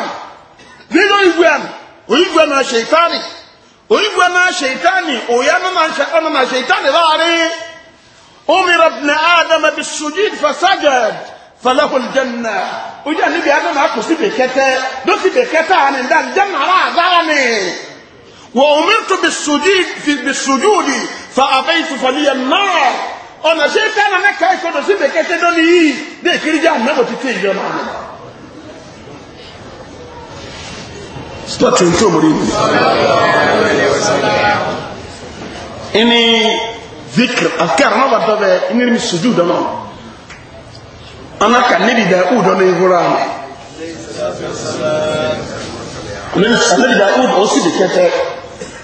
nínú ìgbẹ́ àná onígbẹ́ náà shaitani onígbẹ́ náà shaitani òyà náà náà shaitani láàrin umira ibn adam bi sujid fasajad falahul janna ojú àná ibi adam akọ sí bèkẹtẹ lọsí bèkẹtẹ àná ìdá janna ara àzára ni wọ́n omirtu bi sujud fi bi sujudi. فأبيت فلي النار أنا شيء أنا ما كاي كنت شيء بكتة دوني ده كريجا نبغى تتيجي جماعة ستة تنتو مريم إني ذكر أذكار ما بدأ إني من السجود أنا أنا كان نبي داود أنا يقولان نبي داود أوصي بكتة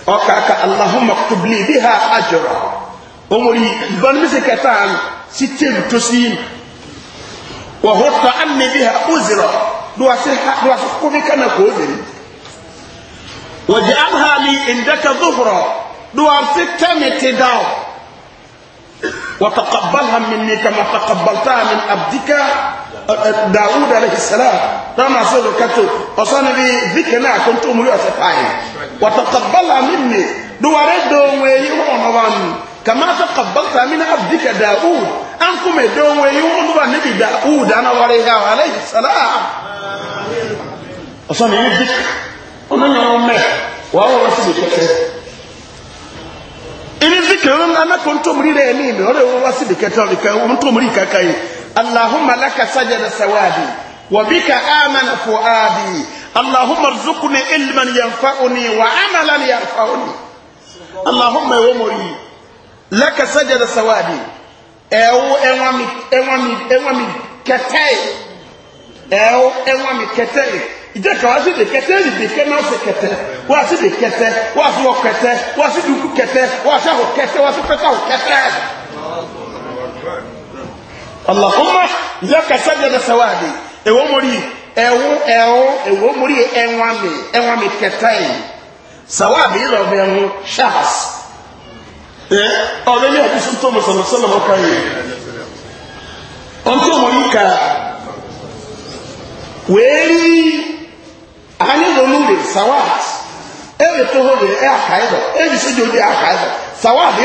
وكاكا اللهم اكتب لي بها اجرا امري بن مسكتان ستين تسين وهو عني بها ازرا دو اسرح دو اسرح كنا كوزر وجعلها لي عندك ظهرا دو اسرح كنا وتقبلها مني كما تقبلتها من عبدك dawud alaihissalam dama sɔrɔ kato ɔsɔni bi zikiri naa ko n tó omuli ɔsɛ paayi watakabala minni duwari donwe yi hɔn nɔba mi kama takabalta min abdika dawud an kume donwe yi hɔn nɔba ne bi dawud ana wari ha alaihissalam ɔsɔni bi zikiri ɔno nyɛ wɔn mɛ wɔn wɔn si bi kɛkɛ ibi zikiri ɔno ana ko n tó omuli rɛ ɛni mi ɔno yɛ wɔn si bi kɛkɛ ɔno yɛ wɔn tó omuli kaka اللهم لك سجد سوادي وبك آمن فؤادي اللهم ارزقني علما ينفعني وعملا يرفعني اللهم يومري لك سجد سوادي ẹ̀wọ́ ẹ̀wọ́mi kẹtẹ́ẹ̀ ẹ̀wọ́ ẹ̀wọ́mi kẹtẹ́ẹ̀ ìjẹ́ka wá sí de kẹtẹ́ ìdè kẹ́ náà ṣe kẹtẹ́ wá sí de kẹtẹ́ wá sí wọ kẹtẹ́ wá sí dùkú kẹtẹ́ wá sí àwọ̀ kẹtẹ́ wá sí pẹ́tà wọ kẹtẹ́. Allahumma laka sajada sawadi ewo mori ewo ewo ewo mori enwa mi enwa mi ketai sawadi lo be hu shahas eh o le mi abi sun to mo sallallahu alaihi wasallam kai on to mori ka weri ani sawad e to ho de e akaido e bi so jo de akaido sawadi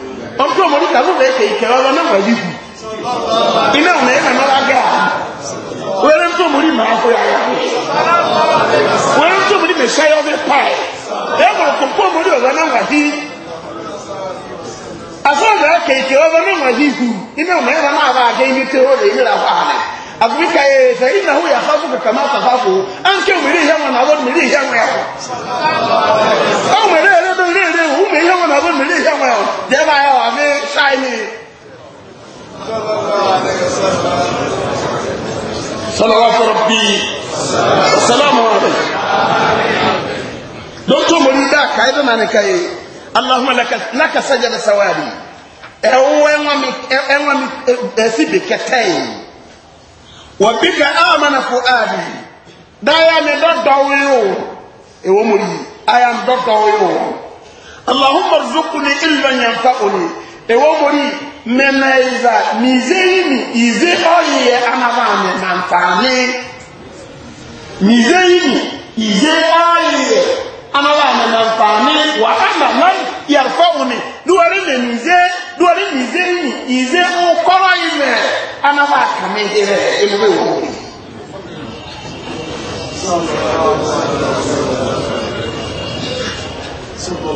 ọdún ọmọdé tàbí bẹ́ẹ̀ ṣe ìkẹrẹ ọlọ náà wáyé kù iná ọ̀nà ẹ̀rọ náà lágà wẹ́rẹ́ ń tó mọ̀rí màá fọ́ yàrá wẹ́rẹ́ ń tó mọ̀rí mẹ́ṣẹ́ yọ bẹ́ẹ̀ pa ẹ̀ ẹ̀ wọ̀rọ̀ kò ka ọmọdé ọ̀rọ̀ náà wáyé asọ́ọ̀dọ̀ ẹ̀kẹ́ náà iná ọ̀nà náà bá ibi ẹ̀hún náà bóun nílé ìyá wọn dẹ́ẹ̀bà yà wà mí ṣáìní. sọlọ́wọ́ fọlọ́ bíi sọlọ́mù rẹ̀ lótú mo ní dáa káyé tó nàní káyé aláhùnmá láka sájà ní sáwáàdì ẹ̀wọ́ ẹ̀wọ́ mi ẹ̀sì bì kẹtẹ́ yìí wọ́n bí ká àmàna fún àdì dáyà ní dọ́dọ̀ wíwò ẹ̀wọ́ mo yìí àyà ń dọ́dọ̀ wíwò. اللهم ارزقني علما ينفعني ewomori memeza mizeyimi ize oyiye anabanye na mfani mizeyimi ize oyiye anabanye na mfani wa ana man yarfauni duwari mize duwari ize anaba e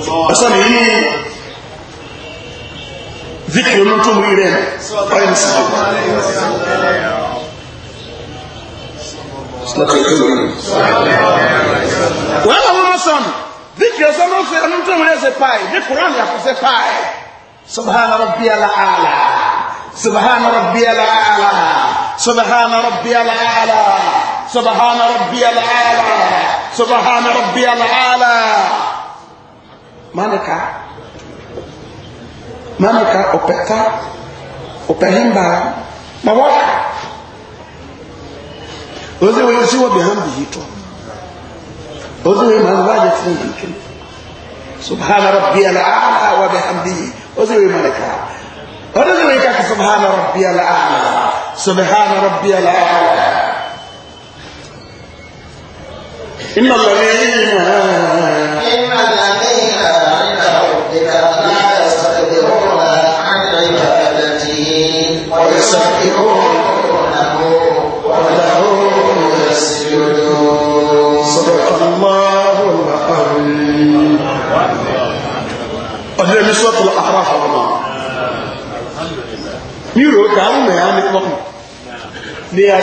ẹ̀sọ́ ni yí zikiri ló tó múrí rẹ̀ ọ̀yẹ́ ní sọ́kọ̀ wọ́n lọ wọ́n sọ ní zikiri ẹ̀sọ́ ló fi ẹni tó múrí ẹ̀sẹ̀ páì ní kuran ní àkọsẹ̀ páì subhana rabbi ala ala subhana rabbi ala ala subhana rabbi ala ala subhana rabbi ala ala subhana rabbi ala ala. manika manika opeta opehimba mawaka ozi wa wezi wa bihambi hito ozi wa imanu waje fungi hito subhana rabbi ala ala wa bihambi ozi wa manika ozi wa ikaki subhana rabbi ala ala subhana rabbi ala al'ala Inna الذين يستفتحونه وله يسجد صدق الله العظيم ọdún ẹni sọ́tọ̀ àrà ọmọ ní ìrò kàánù mẹ́ra ní pọ́pù ní a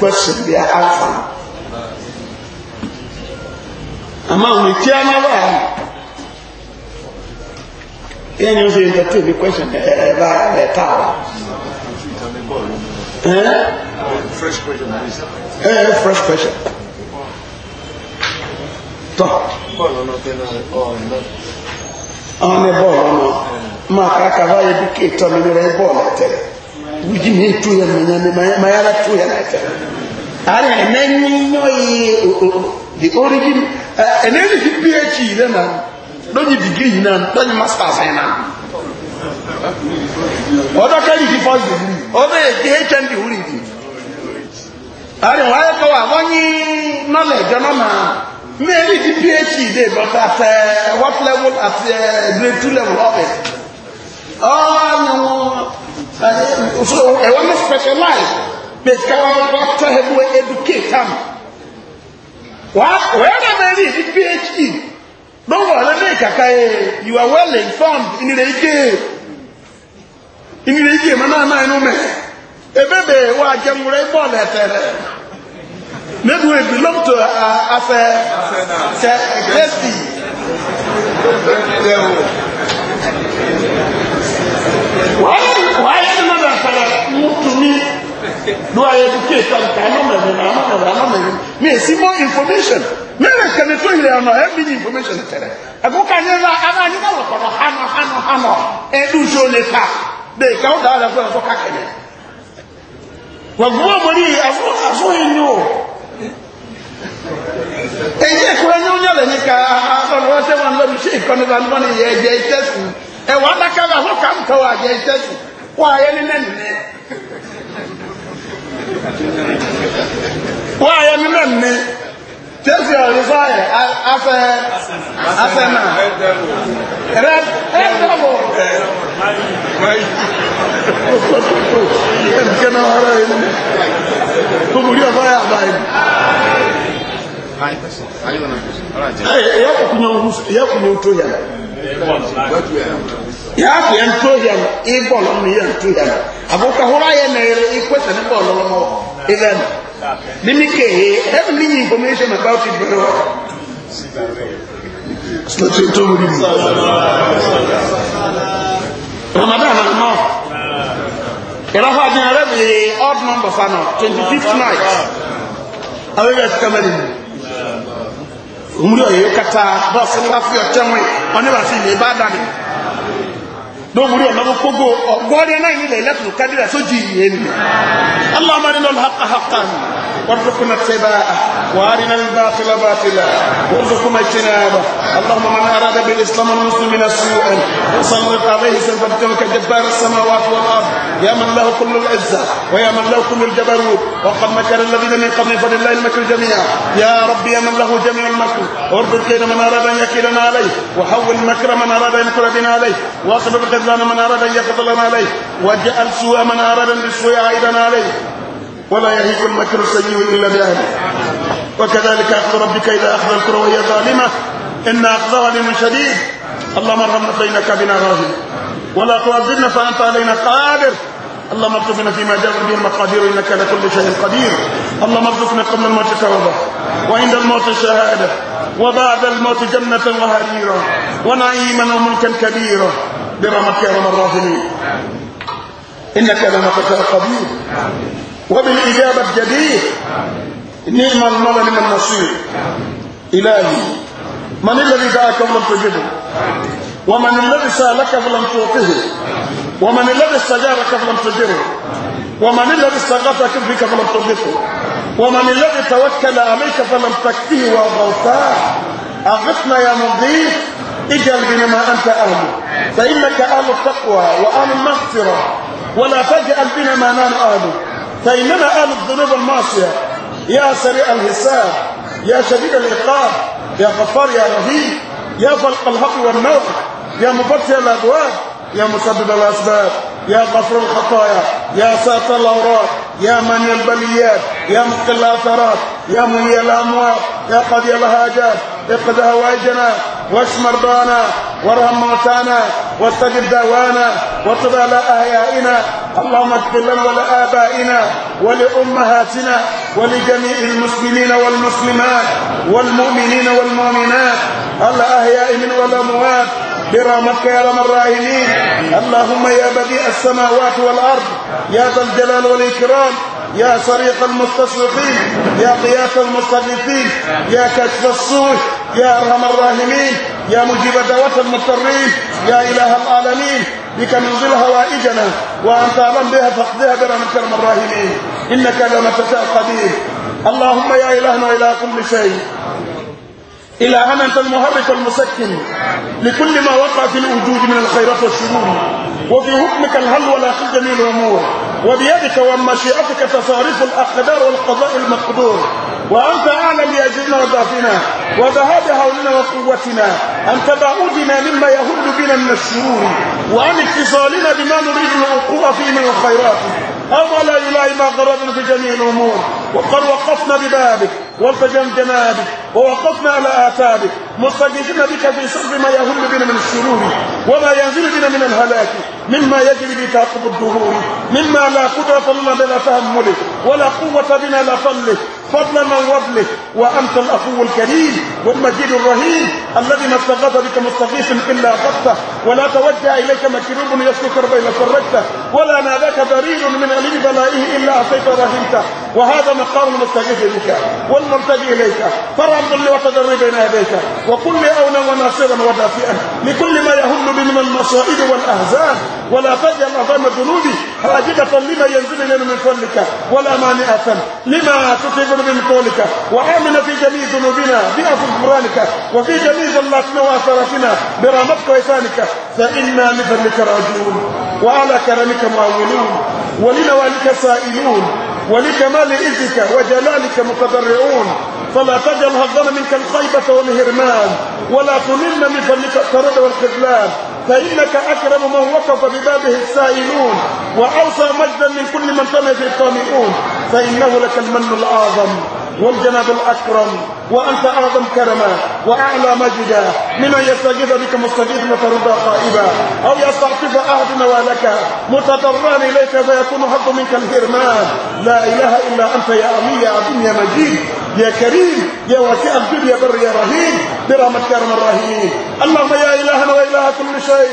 question bí a alfa àmà òun ìkí a máa wà ní ẹni the question ẹ̀ẹ́dá ẹ̀ẹ́tàwà Eh? Eh? fresh question. Eh, eh, fresh question. Tọ́. Bọ́ọ̀lù ọ̀nà tẹ́lẹ̀ ọ̀rìn náà. Àwọn ọmọ bọ́ọ̀lù ọ̀nà. Máa ká kàbá yẹ bí kí ìtọ́ mi ní rẹ̀ bọ́ọ̀lù tẹ̀lẹ̀. Wíjì ní tú yẹ mi yẹn mi, máa yára tú yẹ náà tẹ̀lẹ̀. Àrẹ ẹ̀mẹ́ ní yọ iye the origin ẹ̀nà ẹ̀nà PhD, PH rẹ̀ náà lóyún dìgírì yìí náà lóyún masters yẹn náà. Ọ̀dọ́ kẹ́lí ti first degree. ọba èdè hnd wúri bi àrùn wáyé kọ́ wà nọ yí nọ́lẹ̀ ìjọ́nà máa di but at eh, what level as uh, grade two level of it ọ̀nà wọn so ẹ̀wọ́n eh, ní specialize bẹ́ẹ̀ ká educate am di phd lọ́wọ́ ọ̀rẹ́ ní yẹ you well informed ike. inú rẹ̀ yíyẹ mọ́nà náà inú mẹ́ ebébè wà jẹmúrẹ́ bọ́ọ̀lù ẹ̀tẹ̀rẹ̀ nébù èbì lọ́pùtò afẹ́ tẹ gẹ́sì ẹ̀wò wáyé nínú ọ̀dà fẹ̀rẹ̀ mùtùmí ló ayé dúkìá ìtàkà anọ́mẹ̀rin anọ́mẹ̀rin anọ́mẹ̀rin ní èsì mọ́ information mílẹ̀ kẹ̀lẹ̀ tó yìí ọ̀nà ẹ̀ bí ní information tẹ̀rẹ̀ ẹ̀kọ́ kanyẹ́ ńlá ara yín náà wọ̀ kọ̀rọ̀ hánà hánà hánà ẹ̀dùn tó lè ta. de ka o daa la fún ẹ fọ kaka yẹ wà gbọ́ o èyí ẹ̀kọ́ ẹni ó yàrá ní ká àtọ̀nà wọn tẹ́ wọn lọ́bi ṣé ìkọ́ni bá ń bọ́ ní yẹ ẹ̀jẹ̀ ìtẹ́sù ẹ̀wọ̀ adaka bá fọ́ kàǹtọ́ wà tẹ́sí ọ̀rọ̀ sọ ẹ̀ afẹ́ afẹ́ náà ẹ̀rẹ́ ẹ̀dẹ̀wò ẹ̀dẹ̀kẹ́ náà ọ̀rọ̀ yìí ní gbogbo rí ọ̀fọ́ yà bá yìí. Yẹ kun yóò tó yà. Yà tó yà nù, í bọ̀lọ̀ tó yà nù. Àbúkà húrá yẹ nà yẹrẹ, í pèsè ní Mimikehe, every information about it very well. It's not your tomb. Ramadan na more. Ela fa jẹ́ ẹ̀rẹ́ odd number fa náà twenty fifth night. Àwọn ẹ̀rẹ́ ti kẹ́mẹ́ nínú. Òmùdí ọ̀yẹ́ kata bọ́ọ̀sì ńlá fi ọ̀tẹ́ wọn ọ̀nẹ́bàṣì ìlẹ̀ bá dànù. نمري ما بقول أقول أنا إلى لا تكدر سجيني اللهم أرنا الحق حقا وارزقنا اتباعه وارنا الباطل باطلا وارزقنا اجتنابه اللهم من اراد بالاسلام والمسلمين سوءا وسلط عليه سلف كجبار السماوات والارض يا من له كل العزه ويا من له كل الجبروت وقد مكر الذين من قبل فلله المكر جميعا يا رب يا من له جميع المكر وارد لنا من اراد ان يكيلنا عليه وحول مكر من اراد ان يكل بنا عليه واصبر خذلان من اراد ان يخذلنا عليه واجعل سوء من اراد بالسوء عائدا عليه ولا يهيج المكر السيء إلا بأهله وكذلك أخذ ربك إذا أخذ الكرة وهي ظالمة إن أخذها لمن شديد اللهم ارحمنا فإنك بنا راهب ولا تؤذبنا فأنت علينا قادر اللهم ارزقنا فيما جاءت به المقادير انك على كل شيء قدير اللهم ارزقنا قبل الموت توبه وعند الموت شهاده وبعد الموت جنه وهريرا ونعيما وملكا كبيرا برحمتك يا رب الراحمين انك لما تشاء قدير وبالإجابة الجديد نعم المولى من النصير إلهي من الذي دعاك ولم تجده ومن الذي سألك فلم تعطه ومن الذي استجارك فلم تجره ومن الذي استغاثك بك فلم تغفه ومن الذي توكل عليك فلم تكفه وأغوتاه أغثنا يا مضيف اجل بما أنت أهل فإنك أهل التقوى وأهل المغفرة ولا تجعل بنا ما نام أهله فإننا أهل الذنوب المعصية يا سريع الحساب يا شديد العقاب يا غفار يا رهيب يا فلق الحق والنور يا مفتح الأبواب يا مسبب الأسباب يا غفر الخطايا يا ساتر الأوراق يا من البليات يا مقل الأثرات يا مني الأموات يا قضي الهاجات اقض هواجنا واشف مرضانا وارحم موتانا واستجب دعوانا وطب على أحيائنا اللهم اغفر لنا ولآبائنا ولأمهاتنا ولجميع المسلمين والمسلمات والمؤمنين والمؤمنات الأحياء من والأموات برحمتك يا ارحم الراحمين اللهم يا بديع السماوات والارض يا ذا الجلال والاكرام يا صريق المستصرخين يا قياس المستغيثين يا كشف السوء يا ارحم الراحمين يا مجيب دعوات المضطرين يا إله العالمين بك ننزل هوائجنا وأنت أعلم بها فاقضيها برحمتك ارحم الراحمين إنك لما تشاء قدير اللهم يا إلهنا وإله كل شيء إلى أن أنت المحرك المسكن لكل ما وقع في الوجود من الخيرات والشرور وفي حكمك الهل في جميع الأمور وبيدك ومشيئتك تصاريف الأقدار والقضاء المقدور وأنت أعلم بأجلنا وضعفنا وذهاب هولنا وقوتنا أن تبعودنا مما يهد بنا من الشرور وأن اتصالنا بما نريد الوقوع فيه من الخيرات أولا إلهي ما غرضنا في جميع الأمور وقد وقفنا ببابك وفجمجنا بك ووقفنا على آثارك مستجيزين بك في صدر ما يهل بنا من الشرور وما ينزل بنا من الهلاك مما يجري بك عقب الدهور مما لا قدرة لنا بلا تهمله ولا قوة بنا لا فضلا من وضلك وأنت الأخو الكريم والمجيد الرهيم الذي ما استغاث بك مستغيث إلا أخذته ولا توجه إليك مكروب يسلك بين فرجته ولا ناداك ضرير من أليم بلائه إلا أعطيت رهيمته وهذا مقام المستغيث بك والمرتدي إليك فرعا لي وتدري بين يديك وكل أونا وناصرا ودافئا لكل ما يهم من المصائب والأهزان ولا تجعل أظام ذنوبي حاجبة لما ينزل من فضلك ولا مانئة لما تطيب من قولك وآمن في جميع ذنوبنا بأفل قرانك وفي جميع ذلاتنا وآثارتنا برامتك وإثانك فإنا لفضلك راجعون وعلى كرمك معولون ولنوالك سائلون ولكمال إذك وجلالك متضرعون فلا تجعل هضنا منك الخيبة والهرمان ولا تنم من فضلك الترد والخذلان فإنك أكرم من وقف ببابه السائلون وأوصى مجدا من كل من في الطامئون فإنه لك المن الأعظم والجناب الأكرم وأنت أعظم كرما وأعلى مجدا من أن يستجيب بك مستجيبا فترضى قائبا أو يستعطف أحد نوالك متضرعا إليك فيكون حظ منك الهرمان لا إله إلا أنت يا أمي يا عظيم يا مجيد يا كريم يا واسع الجد يا بر يا رهيم برحمة كرم ارحم اللهم يا إلهنا وإله كل شيء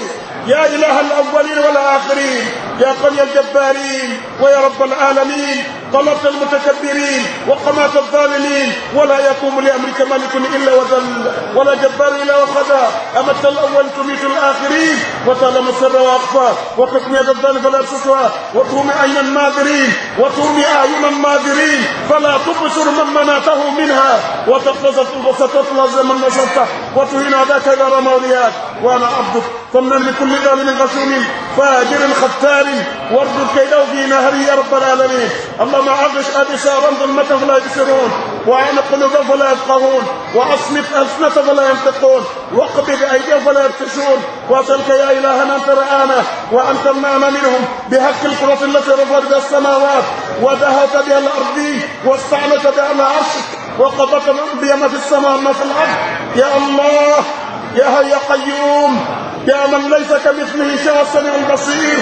يا إله الأولين والآخرين يا قوي الجبارين ويا رب العالمين طمس المتكبرين وقماس الظالمين ولا يقوم لأمرك ملك إلا وذل ولا جبار إلا وخدا أمت الأول تميت الآخرين وتعلم السر وأخفى وقسم يد الظل فلا تسوى وتوم أعين الناظرين وتوم أعين الناظرين فلا تبصر من مناته منها وتقلص وستطلز من نشرته وتهين ذاك إلى مولياك وأنا عبدك فمن لكل ظالم غسوم فاجر ختار ورد كيده في نهري يا رب العالمين اللهم عرش أبصارهم ظلمة فلا يبصرون وأعمق قلوب فلا يفقهون وأصمت ألسنة فلا ينطقون واقبض ايديه فلا يبتشون وأسألك يا إلهنا فرعانا وانت النعم منهم بحق الكرة التي رفعت بها السماوات وذهبت بها الأرض واستعنت بها على عرشك وقضت بها ما في السماء ما في الأرض يا الله يا هيا قيوم يا من ليس كمثله سوى السميع البصير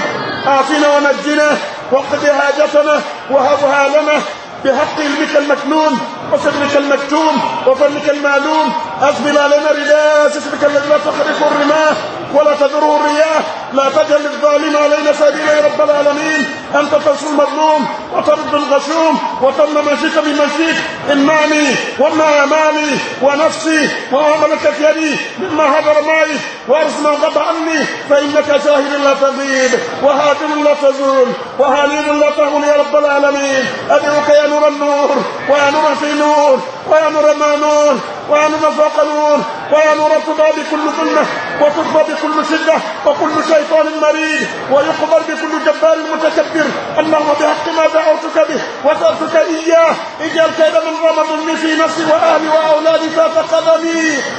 آفنا ونجنا واقض هاجتنا وهبها لنا بحق علمك المكنون وسرك المكتوم وفنك المعلوم أقبل علينا رداء سترك الذي لا تخرق الرماح ولا تذره الرياح لا تجعل الظالم علينا سبيلا يا رب العالمين أنت تنصر المظلوم وترد الغشوم وتمنى ما شئت بما شئت أمامي ونفسي في يدي مما حضر معي وارز من غب عني فإنك شاهد لا تزيد وهادم لا تزول وهليل لا تهون يا رب العالمين أدعوك يا نور النور ويا نور في Senhor. ويا نور نور ويا نور فوق نور ويا نور تضاء بكل ظلمة وتخفى بكل شدة وكل شيطان مريض ويخبر بكل جبار متكبر اللهم بحق ما دعوتك به وسألتك إياه اجعل كيد من غمضني في نفسي وأهلي وأولادي فات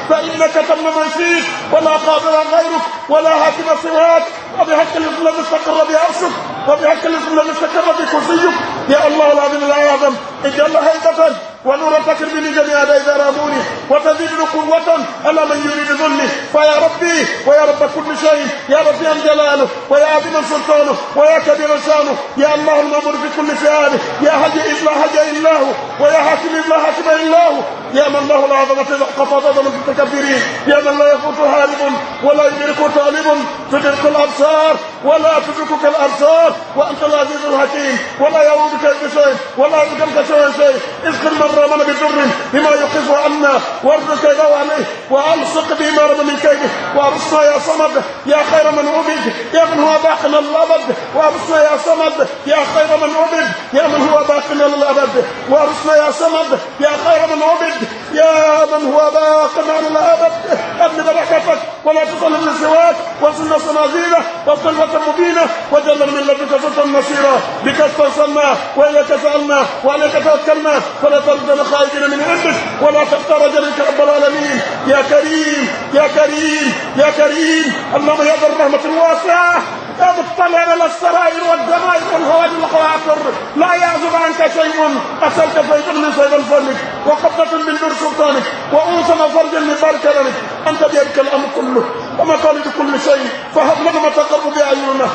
فإنك تم من فيك ولا قادر غيرك ولا هاتم سواك وبحق الإسلام استقر بعرشك وبحق الإسلام استقر بكرسيك يا الله العظيم الأعظم اجعل هيبة ونور فكر من جميع إذا راموني وتزيد قوة على من يريد ظلمي فيا ربي ويا رب كل شيء يا رب يا جلاله ويا عظيم سلطانه ويا كبير شانه يا الله المأمور كل شيء يا هدي إلا هدي الله ويا حاكم إلا حاكم الله يا من له العظمة قفضة من المتكبرين يا من لا يفوت هارب ولا يدرك طالب تدرك الأبصار ولا تدركك الابصار وانت العزيز الحكيم ولا يعودك بشيء ولا يعودك شيء اذكر من رمنا بجر بما يقف عنا وارد كيده عليه والصق بما رد من كيده وابصنا يا صمد يا خير من عبد يا من هو باقنا للابد وابصنا يا صمد يا خير من عبد يا من هو باقنا للابد وابصنا يا صمد يا خير من عبد يا من هو باقنا للابد ابن بركتك ولا تصل للزواج وصلنا صناديله وصلنا صراطا مبينا وجل من لدنك سلطا نصيرا بك استرسلنا واليك سالنا واليك توكلنا فلا تردنا خائفين من عندك ولا تختار جلك رب العالمين يا كريم يا كريم يا كريم اللهم يا ذا الرحمه الواسعه يا مطلع على السرائر والدمائر والهواج والخواطر لا يعزب عنك شيء أسألك فيض من فيض فضلك وقبضة من نور سلطانك وأوسم فرجا من بركة لك أنت بيدك الأمر كله ومقالد كل شيء فهب لنا ما تقر بأعيننا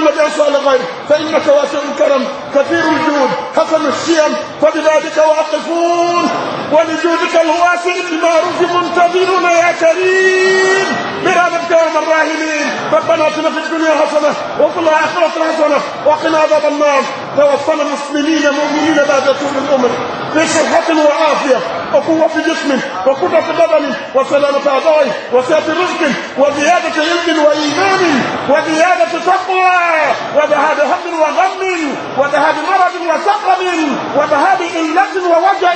لنا بأسوأ غير فإنك واسع الكرم كثير الجود حسن الشيم فبذلك واقفون ولجودك الواسع بالمعروف منتظرون يا كريم برحمتك يا ارحم الراحمين ربنا اتنا في الدنيا حسنه وفي الاخره حسنه وقنا عذاب النار توفنا مسلمين مؤمنين بعد طول الامر بصحة وعافية وقوة في جسمه وقوة في بدنه وسلامة أعضائه وسعة رزق وزيادة علم وإيمان وزيادة تقوى وذهاب هم وغم وذهاب مرض وسقم وذهاب إلة ووجع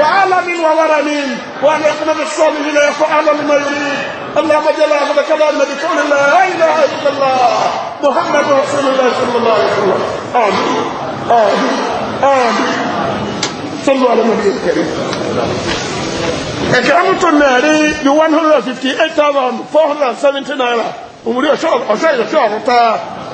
وعلم وورم وأن يكون بالصالحين يفعل ما يريد اللهم جل كما أن بقول لا إله إلا الله محمد رسول الله صلى الله عليه وسلم آمين آمين آمين صلوا على النبي الكريم اكرمت النهري ب 158479 ومريو شهر أسير شهر تا